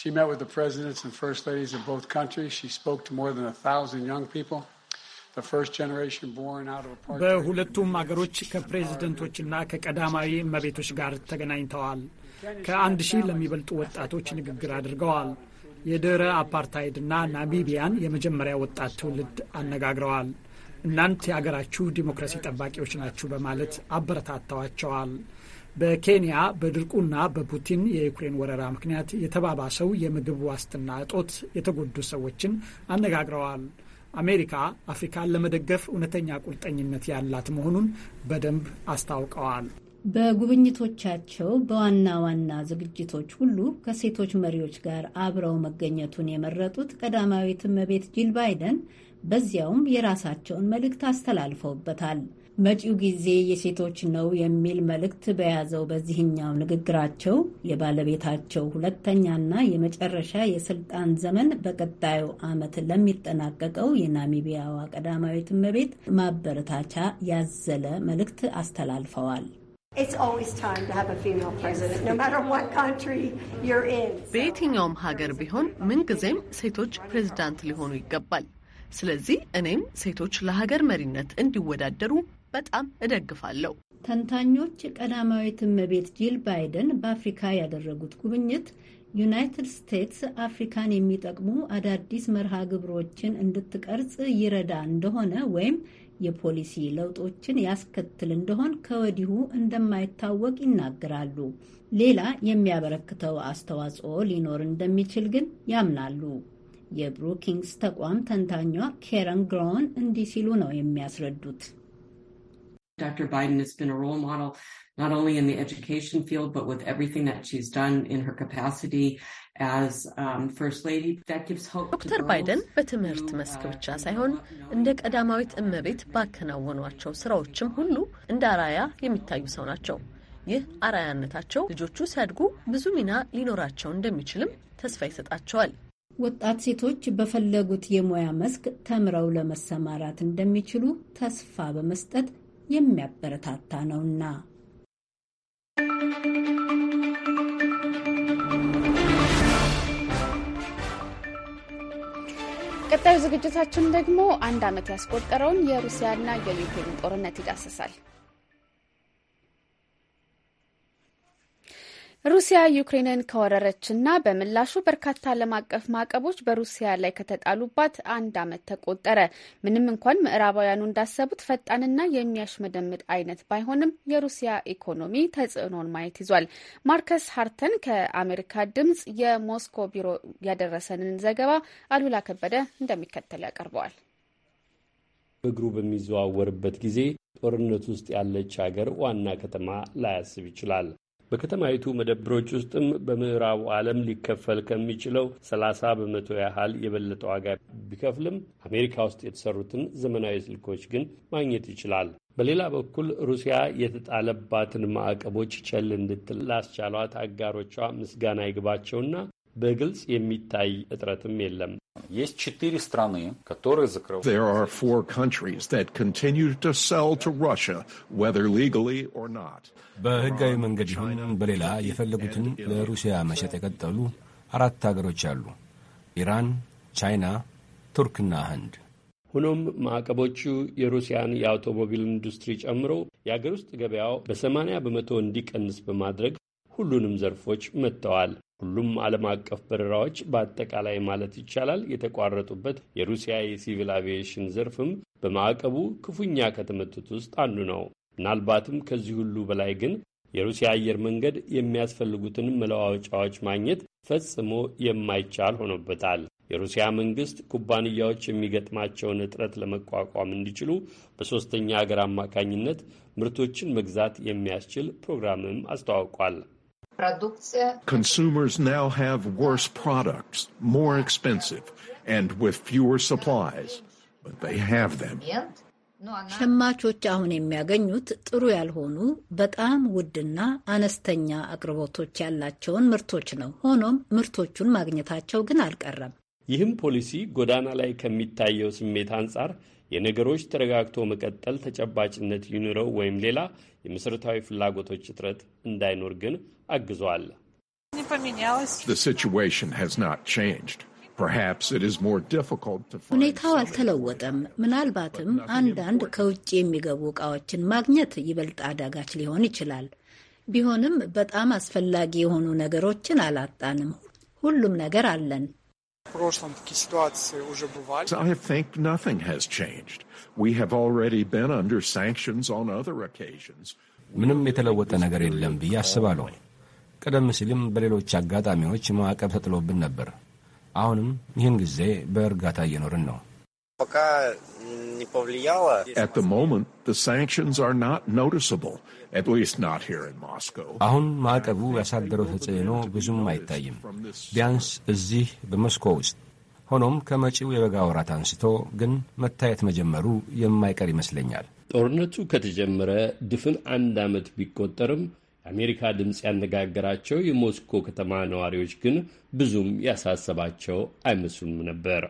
She met with the presidents and first ladies of both countries. She spoke to more than a thousand young people. በሁለቱም አገሮች ከፕሬዝደንቶችና ከቀዳማዊ እመቤቶች ጋር ተገናኝተዋል። ከአንድ ሺህ ለሚበልጡ ወጣቶች ንግግር አድርገዋል። የድኅረ አፓርታይድና ናሚቢያን የመጀመሪያ ወጣት ትውልድ አነጋግረዋል። እናንት የአገራችሁ ዲሞክራሲ ጠባቂዎች ናችሁ በማለት አበረታተዋቸዋል። በኬንያ በድርቁና በፑቲን የዩክሬን ወረራ ምክንያት የተባባሰው የምግብ ዋስትና እጦት የተጎዱ ሰዎችን አነጋግረዋል። አሜሪካ አፍሪካን ለመደገፍ እውነተኛ ቁርጠኝነት ያላት መሆኑን በደንብ አስታውቀዋል። በጉብኝቶቻቸው በዋና ዋና ዝግጅቶች ሁሉ ከሴቶች መሪዎች ጋር አብረው መገኘቱን የመረጡት ቀዳማዊት እመቤት ጂል ባይደን በዚያውም የራሳቸውን መልእክት አስተላልፈውበታል። መጪው ጊዜ የሴቶች ነው የሚል መልእክት በያዘው በዚህኛው ንግግራቸው የባለቤታቸው ሁለተኛና የመጨረሻ የስልጣን ዘመን በቀጣዩ ዓመት ለሚጠናቀቀው የናሚቢያዋ ቀዳማዊት እመቤት ማበረታቻ ያዘለ መልእክት አስተላልፈዋል። በየትኛውም ሀገር ቢሆን ምንጊዜም ሴቶች ፕሬዝዳንት ሊሆኑ ይገባል። ስለዚህ እኔም ሴቶች ለሀገር መሪነት እንዲወዳደሩ በጣም እደግፋለሁ። ተንታኞች ቀዳማዊት እመቤት ጂል ባይደን በአፍሪካ ያደረጉት ጉብኝት ዩናይትድ ስቴትስ አፍሪካን የሚጠቅሙ አዳዲስ መርሃ ግብሮችን እንድትቀርጽ ይረዳ እንደሆነ ወይም የፖሊሲ ለውጦችን ያስከትል እንደሆን ከወዲሁ እንደማይታወቅ ይናገራሉ። ሌላ የሚያበረክተው አስተዋጽኦ ሊኖር እንደሚችል ግን ያምናሉ። የብሩኪንግስ ተቋም ተንታኟ ኬረን ግሮን እንዲህ ሲሉ ነው የሚያስረዱት። Dr. Biden has been a role model, not only in the education field, but with everything that she's done in her capacity as um, First Lady. That gives hope. ዶክተር ባይደን በትምህርት መስክ uh, ብቻ ሳይሆን እንደ ቀዳማዊት እመቤት ባከናወኗቸው ስራዎችም ሁሉ እንደ አራያ የሚታዩ ሰው ናቸው። ይህ አራያነታቸው ልጆቹ ሲያድጉ ብዙ ሚና ሊኖራቸው እንደሚችልም ተስፋ ይሰጣቸዋል። ወጣት ሴቶች በፈለጉት የሙያ መስክ ተምረው ለመሰማራት እንደሚችሉ ተስፋ በመስጠት የሚያበረታታ ነውና። ቀጣዩ ዝግጅታችን ደግሞ አንድ ዓመት ያስቆጠረውን የሩሲያና የዩክሬን ጦርነት ይዳስሳል። ሩሲያ ዩክሬንን ከወረረችና በምላሹ በርካታ ዓለም አቀፍ ማዕቀቦች በሩሲያ ላይ ከተጣሉባት አንድ ዓመት ተቆጠረ። ምንም እንኳን ምዕራባውያኑ እንዳሰቡት ፈጣንና የሚያሽመደምድ አይነት ባይሆንም የሩሲያ ኢኮኖሚ ተጽዕኖን ማየት ይዟል። ማርከስ ሃርተን ከአሜሪካ ድምጽ የሞስኮ ቢሮ ያደረሰንን ዘገባ አሉላ ከበደ እንደሚከተል ያቀርበዋል። እግሩ በሚዘዋወርበት ጊዜ ጦርነት ውስጥ ያለች ሀገር ዋና ከተማ ላያስብ ይችላል። በከተማይቱ መደብሮች ውስጥም በምዕራቡ ዓለም ሊከፈል ከሚችለው 30 በመቶ ያህል የበለጠ ዋጋ ቢከፍልም አሜሪካ ውስጥ የተሰሩትን ዘመናዊ ስልኮች ግን ማግኘት ይችላል። በሌላ በኩል ሩሲያ የተጣለባትን ማዕቀቦች ቸል እንድትል ላስቻሏት አጋሮቿ ምስጋና ይግባቸውና በግልጽ የሚታይ እጥረትም የለም። There are four countries that continue to sell to Russia, whether legally or not. በህጋዊ መንገድ ይሁን በሌላ የፈለጉትን ለሩሲያ መሸጥ የቀጠሉ አራት ሀገሮች አሉ፣ ኢራን፣ ቻይና፣ ቱርክና ህንድ። ሆኖም ማዕቀቦቹ የሩሲያን የአውቶሞቢል ኢንዱስትሪ ጨምሮ የአገር ውስጥ ገበያው በ በሰማንያ በመቶ እንዲቀንስ በማድረግ ሁሉንም ዘርፎች መጥተዋል። ሁሉም ዓለም አቀፍ በረራዎች በአጠቃላይ ማለት ይቻላል የተቋረጡበት የሩሲያ የሲቪል አቪዬሽን ዘርፍም በማዕቀቡ ክፉኛ ከተመቱት ውስጥ አንዱ ነው። ምናልባትም ከዚህ ሁሉ በላይ ግን የሩሲያ አየር መንገድ የሚያስፈልጉትን መለዋወጫዎች ማግኘት ፈጽሞ የማይቻል ሆኖበታል። የሩሲያ መንግስት ኩባንያዎች የሚገጥማቸውን እጥረት ለመቋቋም እንዲችሉ በሦስተኛ አገር አማካኝነት ምርቶችን መግዛት የሚያስችል ፕሮግራምም አስተዋውቋል። Consumers now have worse products, more expensive, and with fewer supplies, but they have them. ሸማቾች አሁን የሚያገኙት ጥሩ ያልሆኑ በጣም ውድና አነስተኛ አቅርቦቶች ያላቸውን ምርቶች ነው። ሆኖም ምርቶቹን ማግኘታቸው ግን አልቀረም። ይህም ፖሊሲ ጎዳና ላይ ከሚታየው ስሜት አንጻር የነገሮች ተረጋግቶ መቀጠል ተጨባጭነት ይኑረው ወይም ሌላ የመሠረታዊ ፍላጎቶች እጥረት እንዳይኖር ግን አግዟል። ሁኔታው አልተለወጠም። ምናልባትም አንዳንድ ከውጭ የሚገቡ እቃዎችን ማግኘት ይበልጥ አዳጋች ሊሆን ይችላል። ቢሆንም በጣም አስፈላጊ የሆኑ ነገሮችን አላጣንም። ሁሉም ነገር አለን። I think nothing has changed. We have already been under sanctions on other occasions. ምንም የተለወጠ ነገር የለም ብዬ አስባለሁ። ቀደም ሲልም በሌሎች አጋጣሚዎች ማዕቀብ ተጥሎብን ነበር። አሁንም ይህን ጊዜ በእርጋታ እየኖርን ነው። At the moment, the sanctions are not noticeable. አሁን ማዕቀቡ ያሳደረው ተጽዕኖ ብዙም አይታይም፣ ቢያንስ እዚህ በሞስኮ ውስጥ። ሆኖም ከመጪው የበጋ ወራት አንስቶ ግን መታየት መጀመሩ የማይቀር ይመስለኛል። ጦርነቱ ከተጀመረ ድፍን አንድ ዓመት ቢቆጠርም የአሜሪካ ድምፅ ያነጋገራቸው የሞስኮ ከተማ ነዋሪዎች ግን ብዙም ያሳሰባቸው አይመስሉም ነበር።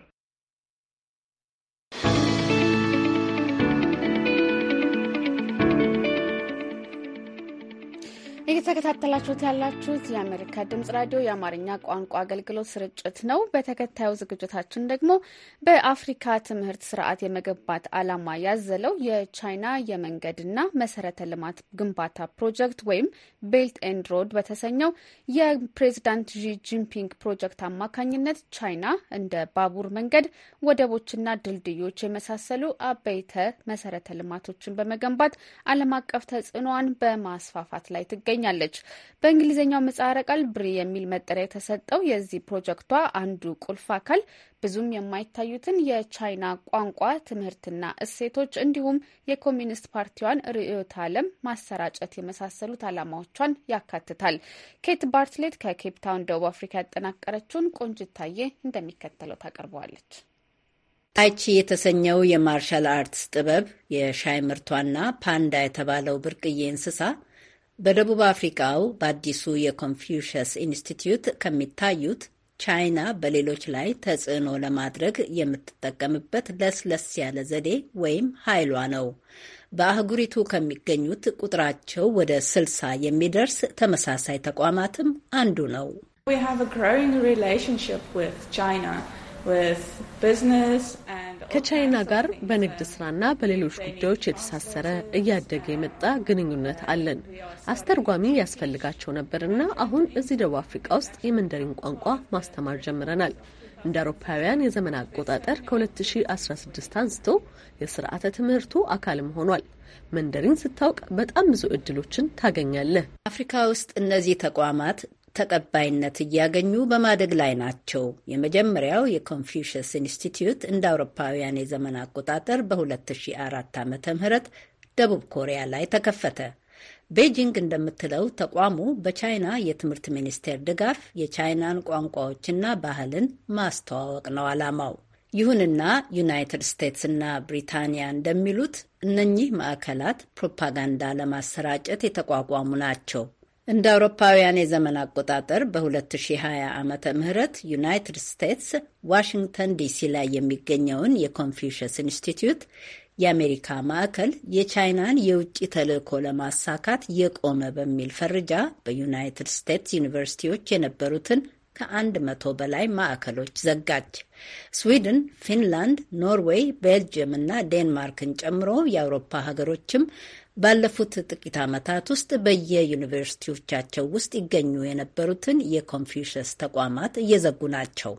እየተከታተላችሁት ያላችሁት የአሜሪካ ድምጽ ራዲዮ የአማርኛ ቋንቋ አገልግሎት ስርጭት ነው። በተከታዩ ዝግጅታችን ደግሞ በአፍሪካ ትምህርት ስርዓት የመገንባት ዓላማ ያዘለው የቻይና የመንገድና መሰረተ ልማት ግንባታ ፕሮጀክት ወይም ቤልት ኤንድ ሮድ በተሰኘው የፕሬዚዳንት ዢ ጂንፒንግ ፕሮጀክት አማካኝነት ቻይና እንደ ባቡር መንገድ፣ ወደቦችና ድልድዮች የመሳሰሉ አበይተ መሰረተ ልማቶችን በመገንባት ዓለም አቀፍ ተጽዕኖዋን በማስፋፋት ላይ ትገኛል። ትገኛለች። በእንግሊዝኛው ምጽሐረ ቃል ብሪ የሚል መጠሪያ የተሰጠው የዚህ ፕሮጀክቷ አንዱ ቁልፍ አካል ብዙም የማይታዩትን የቻይና ቋንቋ ትምህርትና እሴቶች እንዲሁም የኮሚኒስት ፓርቲዋን ርዕዮተ ዓለም ማሰራጨት የመሳሰሉት ዓላማዎቿን ያካትታል። ኬት ባርትሌት ከኬፕታውን ደቡብ አፍሪካ ያጠናቀረችውን ቆንጅታዬ እንደሚከተለው ታቀርበዋለች። ታይቺ የተሰኘው የማርሻል አርትስ ጥበብ የሻይ ምርቷና ፓንዳ የተባለው ብርቅዬ እንስሳ በደቡብ አፍሪካው በአዲሱ የኮንፊውሸስ ኢንስቲትዩት ከሚታዩት ቻይና በሌሎች ላይ ተጽዕኖ ለማድረግ የምትጠቀምበት ለስለስ ያለ ዘዴ ወይም ኃይሏ ነው። በአህጉሪቱ ከሚገኙት ቁጥራቸው ወደ ስልሳ የሚደርስ ተመሳሳይ ተቋማትም አንዱ ነው። ከቻይና ጋር በንግድ ስራና በሌሎች ጉዳዮች የተሳሰረ እያደገ የመጣ ግንኙነት አለን። አስተርጓሚ ያስፈልጋቸው ነበርና አሁን እዚህ ደቡብ አፍሪካ ውስጥ የመንደሪን ቋንቋ ማስተማር ጀምረናል። እንደ አውሮፓውያን የዘመን አቆጣጠር ከ2016 አንስቶ የስርዓተ ትምህርቱ አካልም ሆኗል። መንደሪን ስታውቅ በጣም ብዙ እድሎችን ታገኛለህ። አፍሪካ ውስጥ እነዚህ ተቋማት ተቀባይነት እያገኙ በማደግ ላይ ናቸው። የመጀመሪያው የኮንፊሽስ ኢንስቲትዩት እንደ አውሮፓውያን የዘመን አቆጣጠር በ2004 ዓ ም ደቡብ ኮሪያ ላይ ተከፈተ። ቤጂንግ እንደምትለው ተቋሙ በቻይና የትምህርት ሚኒስቴር ድጋፍ የቻይናን ቋንቋዎችና ባህልን ማስተዋወቅ ነው ዓላማው። ይሁንና ዩናይትድ እና ብሪታንያ እንደሚሉት እነኚህ ማዕከላት ፕሮፓጋንዳ ለማሰራጨት የተቋቋሙ ናቸው። እንደ አውሮፓውያን የዘመን አቆጣጠር በ2020 ዓመተ ምህረት ዩናይትድ ስቴትስ ዋሽንግተን ዲሲ ላይ የሚገኘውን የኮንፊሽስ ኢንስቲትዩት የአሜሪካ ማዕከል የቻይናን የውጭ ተልዕኮ ለማሳካት የቆመ በሚል ፈርጃ በዩናይትድ ስቴትስ ዩኒቨርሲቲዎች የነበሩትን ከአንድ መቶ በላይ ማዕከሎች ዘጋች። ስዊድን፣ ፊንላንድ፣ ኖርዌይ፣ ቤልጅየም እና ዴንማርክን ጨምሮ የአውሮፓ ሀገሮችም ባለፉት ጥቂት ዓመታት ውስጥ በየዩኒቨርሲቲዎቻቸው ውስጥ ይገኙ የነበሩትን የኮንፊሽስ ተቋማት እየዘጉ ናቸው።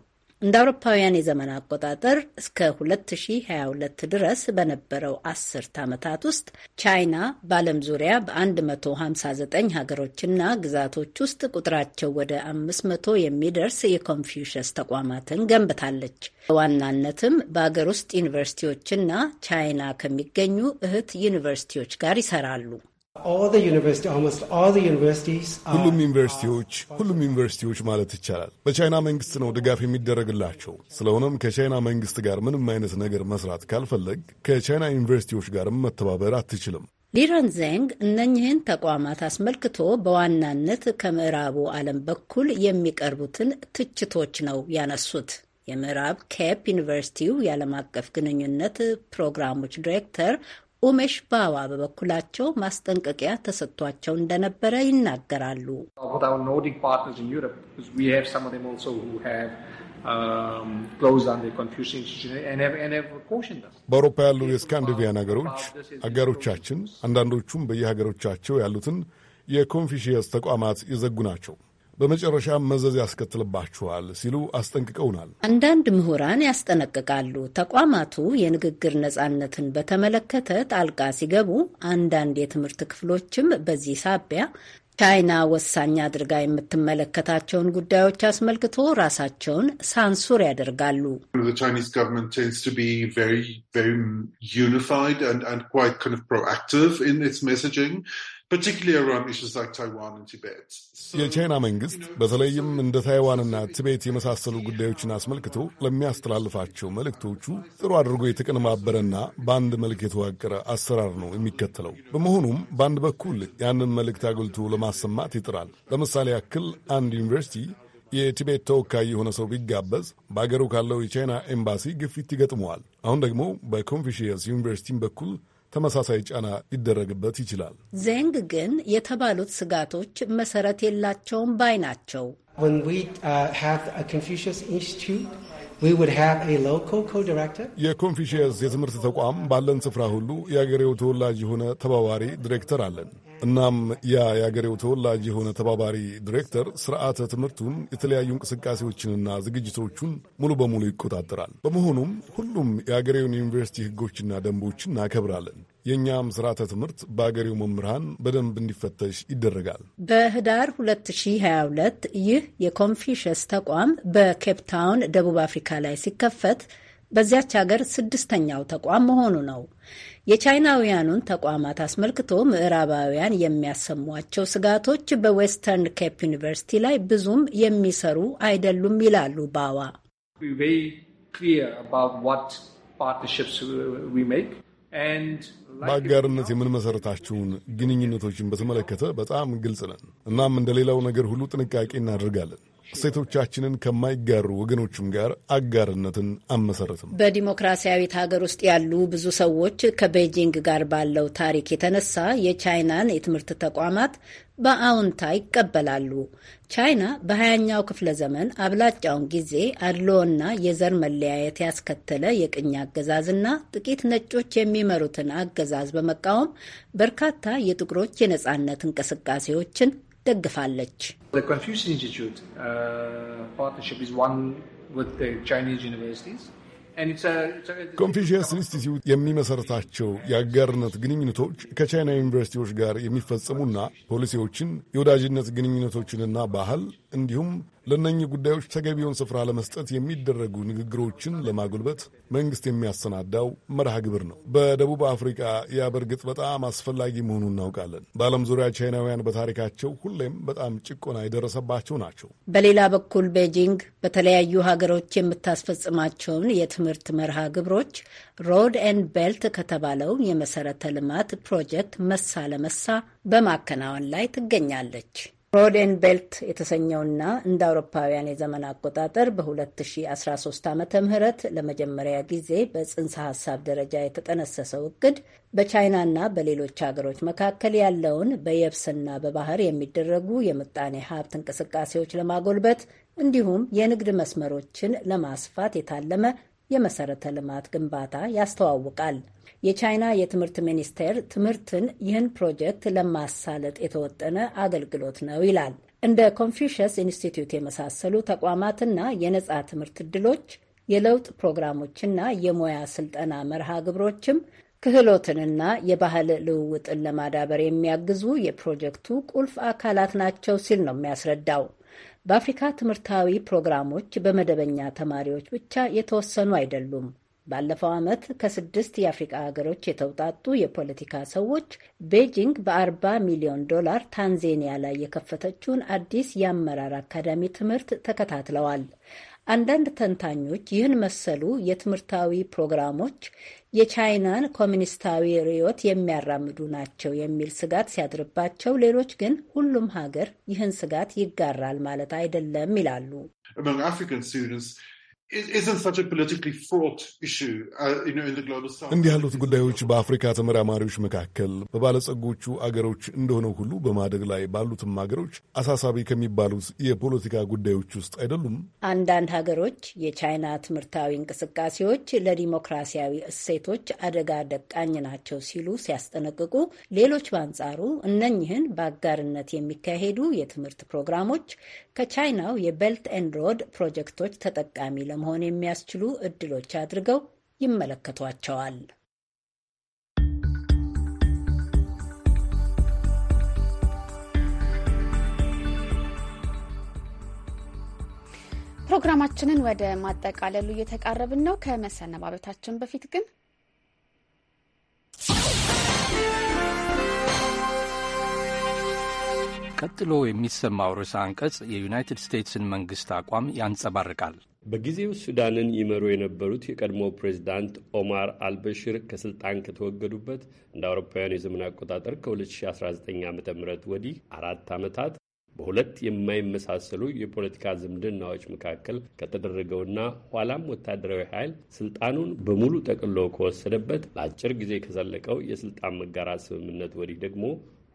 እንደ አውሮፓውያን የዘመን አቆጣጠር እስከ 2022 ድረስ በነበረው አስርት ዓመታት ውስጥ ቻይና በዓለም ዙሪያ በ159 ሀገሮችና ግዛቶች ውስጥ ቁጥራቸው ወደ 500 የሚደርስ የኮንፊውሸስ ተቋማትን ገንብታለች። በዋናነትም በአገር ውስጥ ዩኒቨርሲቲዎችና ቻይና ከሚገኙ እህት ዩኒቨርሲቲዎች ጋር ይሰራሉ። ሁሉም ዩኒቨርሲቲዎች ሁሉም ዩኒቨርሲቲዎች ማለት ይቻላል በቻይና መንግስት ነው ድጋፍ የሚደረግላቸው። ስለሆነም ከቻይና መንግስት ጋር ምንም አይነት ነገር መስራት ካልፈለግ ከቻይና ዩኒቨርሲቲዎች ጋርም መተባበር አትችልም። ሊረን ዘንግ እነኝህን ተቋማት አስመልክቶ በዋናነት ከምዕራቡ ዓለም በኩል የሚቀርቡትን ትችቶች ነው ያነሱት። የምዕራብ ኬፕ ዩኒቨርሲቲው የዓለም አቀፍ ግንኙነት ፕሮግራሞች ዲሬክተር ኡሜሽ ባዋ በበኩላቸው ማስጠንቀቂያ ተሰጥቷቸው እንደነበረ ይናገራሉ። um, በአውሮፓ ያሉ የስካንዲቪያን ሀገሮች አጋሮቻችን አንዳንዶቹም በየሀገሮቻቸው ያሉትን የኮንፊሽየስ ተቋማት የዘጉ ናቸው። በመጨረሻ መዘዝ ያስከትልባችኋል ሲሉ አስጠንቅቀውናል። አንዳንድ ምሁራን ያስጠነቅቃሉ። ተቋማቱ የንግግር ነጻነትን በተመለከተ ጣልቃ ሲገቡ፣ አንዳንድ የትምህርት ክፍሎችም በዚህ ሳቢያ ቻይና ወሳኝ አድርጋ የምትመለከታቸውን ጉዳዮች አስመልክቶ ራሳቸውን ሳንሱር ያደርጋሉ። የቻይና መንግስት በተለይም እንደ ታይዋንና ቲቤት የመሳሰሉ ጉዳዮችን አስመልክቶ ለሚያስተላልፋቸው መልእክቶቹ ጥሩ አድርጎ የተቀነባበረና በአንድ መልክ የተዋቀረ አሰራር ነው የሚከተለው። በመሆኑም በአንድ በኩል ያንን መልእክት አጉልቶ ለማሰማት ይጥራል። ለምሳሌ ያክል አንድ ዩኒቨርሲቲ የቲቤት ተወካይ የሆነ ሰው ቢጋበዝ በአገሩ ካለው የቻይና ኤምባሲ ግፊት ይገጥመዋል። አሁን ደግሞ በኮንፊሽየስ ዩኒቨርሲቲም በኩል ተመሳሳይ ጫና ሊደረግበት ይችላል። ዜንግ ግን የተባሉት ስጋቶች መሰረት የላቸውም ባይ ናቸው። uh, የኮንፊሽየስ የትምህርት ተቋም ባለን ስፍራ ሁሉ የአገሬው ተወላጅ የሆነ ተባባሪ ዲሬክተር አለን። እናም ያ የአገሬው ተወላጅ የሆነ ተባባሪ ዲሬክተር ስርዓተ ትምህርቱን የተለያዩ እንቅስቃሴዎችንና ዝግጅቶቹን ሙሉ በሙሉ ይቆጣጠራል። በመሆኑም ሁሉም የአገሬውን ዩኒቨርሲቲ ህጎችና ደንቦችን እናከብራለን። የእኛም ስርዓተ ትምህርት በአገሬው መምህራን በደንብ እንዲፈተሽ ይደረጋል። በህዳር 2022 ይህ የኮንፊሸስ ተቋም በኬፕታውን ደቡብ አፍሪካ ላይ ሲከፈት በዚያች ሀገር ስድስተኛው ተቋም መሆኑ ነው። የቻይናውያኑን ተቋማት አስመልክቶ ምዕራባውያን የሚያሰሟቸው ስጋቶች በዌስተርን ኬፕ ዩኒቨርሲቲ ላይ ብዙም የሚሰሩ አይደሉም ይላሉ ባዋ። በአጋርነት የምንመሰረታቸውን ግንኙነቶችን በተመለከተ በጣም ግልጽ ነን። እናም እንደሌላው ነገር ሁሉ ጥንቃቄ እናደርጋለን። እሴቶቻችንን ከማይጋሩ ወገኖችም ጋር አጋርነትን አመሰረትም። በዲሞክራሲያዊት ሀገር ውስጥ ያሉ ብዙ ሰዎች ከቤጂንግ ጋር ባለው ታሪክ የተነሳ የቻይናን የትምህርት ተቋማት በአውንታ ይቀበላሉ። ቻይና በሀያኛው ክፍለ ዘመን አብላጫውን ጊዜ አድሎና የዘር መለያየት ያስከተለ የቅኝ አገዛዝና ጥቂት ነጮች የሚመሩትን አገዛዝ በመቃወም በርካታ የጥቁሮች የነጻነት እንቅስቃሴዎችን ደግፋለች። ኮንፊሽየስ ኢንስቲትዩት የሚመሰርታቸው የአጋርነት ግንኙነቶች ከቻይና ዩኒቨርሲቲዎች ጋር የሚፈጸሙና ፖሊሲዎችን፣ የወዳጅነት ግንኙነቶችንና ባህል እንዲሁም ለእነኚህ ጉዳዮች ተገቢውን ስፍራ ለመስጠት የሚደረጉ ንግግሮችን ለማጉልበት መንግስት የሚያሰናዳው መርሃ ግብር ነው። በደቡብ አፍሪካ ያ በእርግጥ በጣም አስፈላጊ መሆኑን እናውቃለን። በዓለም ዙሪያ ቻይናውያን በታሪካቸው ሁሌም በጣም ጭቆና የደረሰባቸው ናቸው። በሌላ በኩል ቤጂንግ በተለያዩ ሀገሮች የምታስፈጽማቸውን የትምህርት መርሃ ግብሮች ሮድ ኤንድ ቤልት ከተባለው የመሰረተ ልማት ፕሮጀክት መሳ ለመሳ በማከናወን ላይ ትገኛለች። ቤልት የተሰኘውና እንደ አውሮፓውያን የዘመን አቆጣጠር በ2013 ዓ ም ለመጀመሪያ ጊዜ በጽንሰ ሀሳብ ደረጃ የተጠነሰሰው እቅድ በቻይናና በሌሎች ሀገሮች መካከል ያለውን በየብስና በባህር የሚደረጉ የምጣኔ ሀብት እንቅስቃሴዎች ለማጎልበት እንዲሁም የንግድ መስመሮችን ለማስፋት የታለመ የመሰረተ ልማት ግንባታ ያስተዋውቃል። የቻይና የትምህርት ሚኒስቴር ትምህርትን ይህን ፕሮጀክት ለማሳለጥ የተወጠነ አገልግሎት ነው ይላል። እንደ ኮንፊሽየስ ኢንስቲትዩት የመሳሰሉ ተቋማትና የነጻ ትምህርት ዕድሎች፣ የለውጥ ፕሮግራሞችና የሙያ ስልጠና መርሃ ግብሮችም ክህሎትንና የባህል ልውውጥን ለማዳበር የሚያግዙ የፕሮጀክቱ ቁልፍ አካላት ናቸው ሲል ነው የሚያስረዳው። በአፍሪካ ትምህርታዊ ፕሮግራሞች በመደበኛ ተማሪዎች ብቻ የተወሰኑ አይደሉም። ባለፈው ዓመት ከስድስት የአፍሪቃ ሀገሮች የተውጣጡ የፖለቲካ ሰዎች ቤጂንግ በ40 ሚሊዮን ዶላር ታንዜኒያ ላይ የከፈተችውን አዲስ የአመራር አካዳሚ ትምህርት ተከታትለዋል። አንዳንድ ተንታኞች ይህን መሰሉ የትምህርታዊ ፕሮግራሞች የቻይናን ኮሚኒስታዊ ርዕዮት የሚያራምዱ ናቸው የሚል ስጋት ሲያድርባቸው፣ ሌሎች ግን ሁሉም ሀገር ይህን ስጋት ይጋራል ማለት አይደለም ይላሉ። Uh, እንዲህ ያሉት ጉዳዮች በአፍሪካ ተመራማሪዎች መካከል በባለጸጎቹ አገሮች እንደሆነው ሁሉ በማደግ ላይ ባሉትም አገሮች አሳሳቢ ከሚባሉት የፖለቲካ ጉዳዮች ውስጥ አይደሉም። አንዳንድ ሀገሮች የቻይና ትምህርታዊ እንቅስቃሴዎች ለዲሞክራሲያዊ እሴቶች አደጋ ደቃኝ ናቸው ሲሉ ሲያስጠነቅቁ፣ ሌሎች በአንጻሩ እነኝህን በአጋርነት የሚካሄዱ የትምህርት ፕሮግራሞች ከቻይናው የቤልት ኤንድ ሮድ ፕሮጀክቶች ተጠቃሚ ለመሆን የሚያስችሉ እድሎች አድርገው ይመለከቷቸዋል። ፕሮግራማችንን ወደ ማጠቃለሉ እየተቃረብን ነው። ከመሰነባበታችን በፊት ግን ቀጥሎ የሚሰማው ርዕሰ አንቀጽ የዩናይትድ ስቴትስን መንግስት አቋም ያንጸባርቃል። በጊዜው ሱዳንን ይመሩ የነበሩት የቀድሞ ፕሬዚዳንት ኦማር አልበሽር ከስልጣን ከተወገዱበት እንደ አውሮፓውያን የዘመን አቆጣጠር ከ2019 ዓ ም ወዲህ አራት ዓመታት በሁለት የማይመሳሰሉ የፖለቲካ ዝምድናዎች መካከል ከተደረገውና ኋላም ወታደራዊ ኃይል ስልጣኑን በሙሉ ጠቅሎ ከወሰደበት ለአጭር ጊዜ ከዘለቀው የስልጣን መጋራት ስምምነት ወዲህ ደግሞ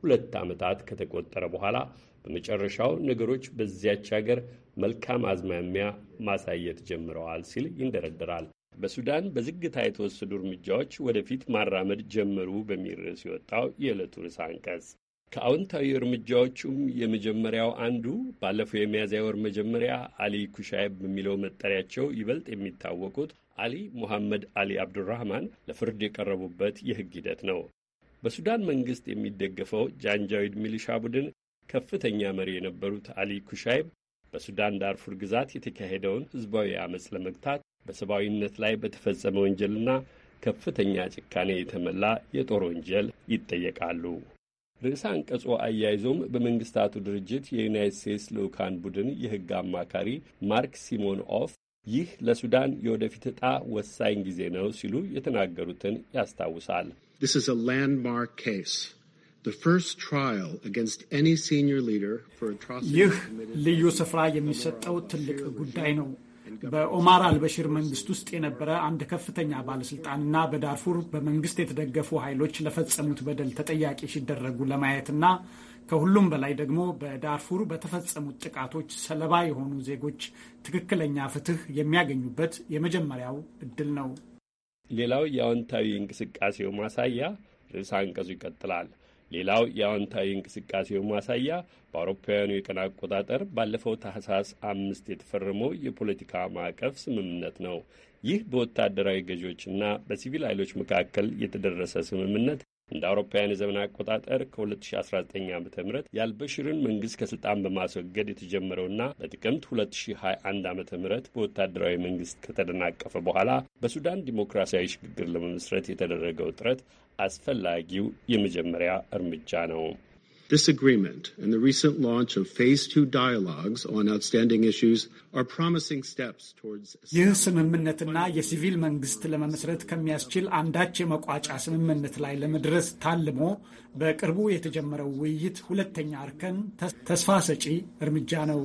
ሁለት ዓመታት ከተቆጠረ በኋላ በመጨረሻው ነገሮች በዚያች ሀገር መልካም አዝማሚያ ማሳየት ጀምረዋል ሲል ይንደረደራል። በሱዳን በዝግታ የተወሰዱ እርምጃዎች ወደፊት ማራመድ ጀመሩ በሚል ርዕስ የወጣው የዕለቱ ርዕሰ አንቀጽ ከአዎንታዊ እርምጃዎቹም የመጀመሪያው አንዱ ባለፈው የሚያዝያ ወር መጀመሪያ አሊ ኩሻይብ በሚለው መጠሪያቸው ይበልጥ የሚታወቁት አሊ ሙሐመድ አሊ አብዱራህማን ለፍርድ የቀረቡበት የሕግ ሂደት ነው። በሱዳን መንግስት የሚደገፈው ጃንጃዊድ ሚሊሻ ቡድን ከፍተኛ መሪ የነበሩት አሊ ኩሻይብ በሱዳን ዳርፉር ግዛት የተካሄደውን ህዝባዊ አመፅ ለመግታት በሰብአዊነት ላይ በተፈጸመ ወንጀልና ከፍተኛ ጭካኔ የተመላ የጦር ወንጀል ይጠየቃሉ። ርዕሰ አንቀጹ አያይዞም በመንግስታቱ ድርጅት የዩናይት ስቴትስ ልዑካን ቡድን የህግ አማካሪ ማርክ ሲሞን ኦፍ ይህ ለሱዳን የወደፊት ዕጣ ወሳኝ ጊዜ ነው ሲሉ የተናገሩትን ያስታውሳል። This is a landmark case. ይህ ልዩ ስፍራ የሚሰጠው ትልቅ ጉዳይ ነው። በኦማር አልበሽር መንግስት ውስጥ የነበረ አንድ ከፍተኛ ባለስልጣንና በዳርፉር በመንግስት የተደገፉ ኃይሎች ለፈጸሙት በደል ተጠያቂ ሲደረጉ ለማየትና ከሁሉም በላይ ደግሞ በዳርፉር በተፈጸሙት ጥቃቶች ሰለባ የሆኑ ዜጎች ትክክለኛ ፍትህ የሚያገኙበት የመጀመሪያው እድል ነው። ሌላው የአዎንታዊ እንቅስቃሴው ማሳያ ርዕሰ አንቀጹ ይቀጥላል። ሌላው የአዎንታዊ እንቅስቃሴው ማሳያ በአውሮፓውያኑ የቀን አቆጣጠር ባለፈው ታህሳስ አምስት የተፈረመው የፖለቲካ ማዕቀፍ ስምምነት ነው። ይህ በወታደራዊ ገዢዎችና በሲቪል ኃይሎች መካከል የተደረሰ ስምምነት እንደ አውሮፓውያን የዘመን አቆጣጠር ከ2019 ዓ ም የአልበሽርን መንግስት ከስልጣን በማስወገድ የተጀመረውና በጥቅምት 2021 ዓ ም በወታደራዊ መንግስት ከተደናቀፈ በኋላ በሱዳን ዲሞክራሲያዊ ሽግግር ለመመስረት የተደረገው ጥረት አስፈላጊው የመጀመሪያ እርምጃ ነው። This agreement and the recent launch of phase two dialogues on outstanding issues are promising steps towards ይህ ስምምነትና የሲቪል መንግስት ለመመስረት ከሚያስችል አንዳች የመቋጫ ስምምነት ላይ ለመድረስ ታልሞ በቅርቡ የተጀመረው ውይይት ሁለተኛ እርከን ተስፋ ሰጪ እርምጃ ነው።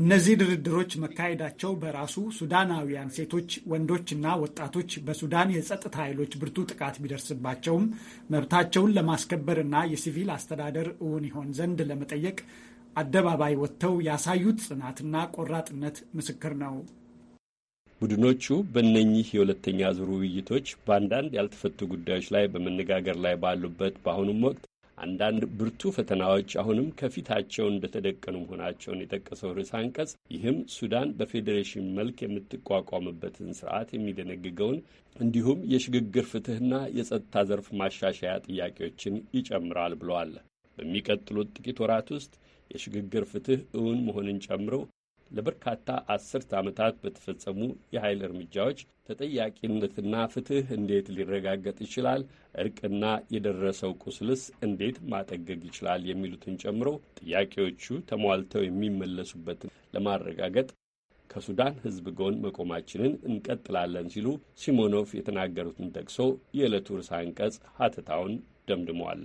እነዚህ ድርድሮች መካሄዳቸው በራሱ ሱዳናውያን ሴቶች፣ ወንዶችና ወጣቶች በሱዳን የጸጥታ ኃይሎች ብርቱ ጥቃት ቢደርስባቸውም መብታቸውን ለማስከበርና የሲቪል አስተዳደር እውን ይሆን ዘንድ ለመጠየቅ አደባባይ ወጥተው ያሳዩት ጽናትና ቆራጥነት ምስክር ነው። ቡድኖቹ በእነኚህ የሁለተኛ ዙር ውይይቶች በአንዳንድ ያልተፈቱ ጉዳዮች ላይ በመነጋገር ላይ ባሉበት በአሁኑም ወቅት አንዳንድ ብርቱ ፈተናዎች አሁንም ከፊታቸው እንደተደቀኑ መሆናቸውን የጠቀሰው ርዕስ አንቀጽ ይህም ሱዳን በፌዴሬሽን መልክ የምትቋቋምበትን ስርዓት የሚደነግገውን እንዲሁም የሽግግር ፍትህና የጸጥታ ዘርፍ ማሻሻያ ጥያቄዎችን ይጨምራል ብለዋል። በሚቀጥሉት ጥቂት ወራት ውስጥ የሽግግር ፍትህ እውን መሆንን ጨምሮ ለበርካታ አስርት ዓመታት በተፈጸሙ የኃይል እርምጃዎች ተጠያቂነትና ፍትህ እንዴት ሊረጋገጥ ይችላል? እርቅና የደረሰው ቁስልስ እንዴት ማጠገግ ይችላል? የሚሉትን ጨምሮ ጥያቄዎቹ ተሟልተው የሚመለሱበትን ለማረጋገጥ ከሱዳን ሕዝብ ጎን መቆማችንን እንቀጥላለን ሲሉ ሲሞኖቭ የተናገሩትን ጠቅሶ የዕለቱ ርዕሰ አንቀጽ ሀተታውን ደምድሟል።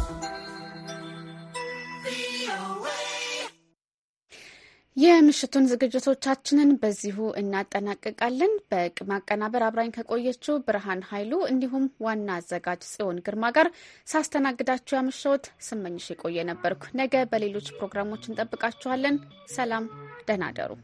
የምሽቱን ዝግጅቶቻችንን በዚሁ እናጠናቅቃለን። በማቀናበር አብራኝ ከቆየችው ብርሃን ኃይሉ እንዲሁም ዋና አዘጋጅ ጽዮን ግርማ ጋር ሳስተናግዳችሁ ያመሸሁት ስመኝሽ የቆየ ነበርኩ። ነገ በሌሎች ፕሮግራሞች እንጠብቃችኋለን። ሰላም፣ ደህና ደሩ።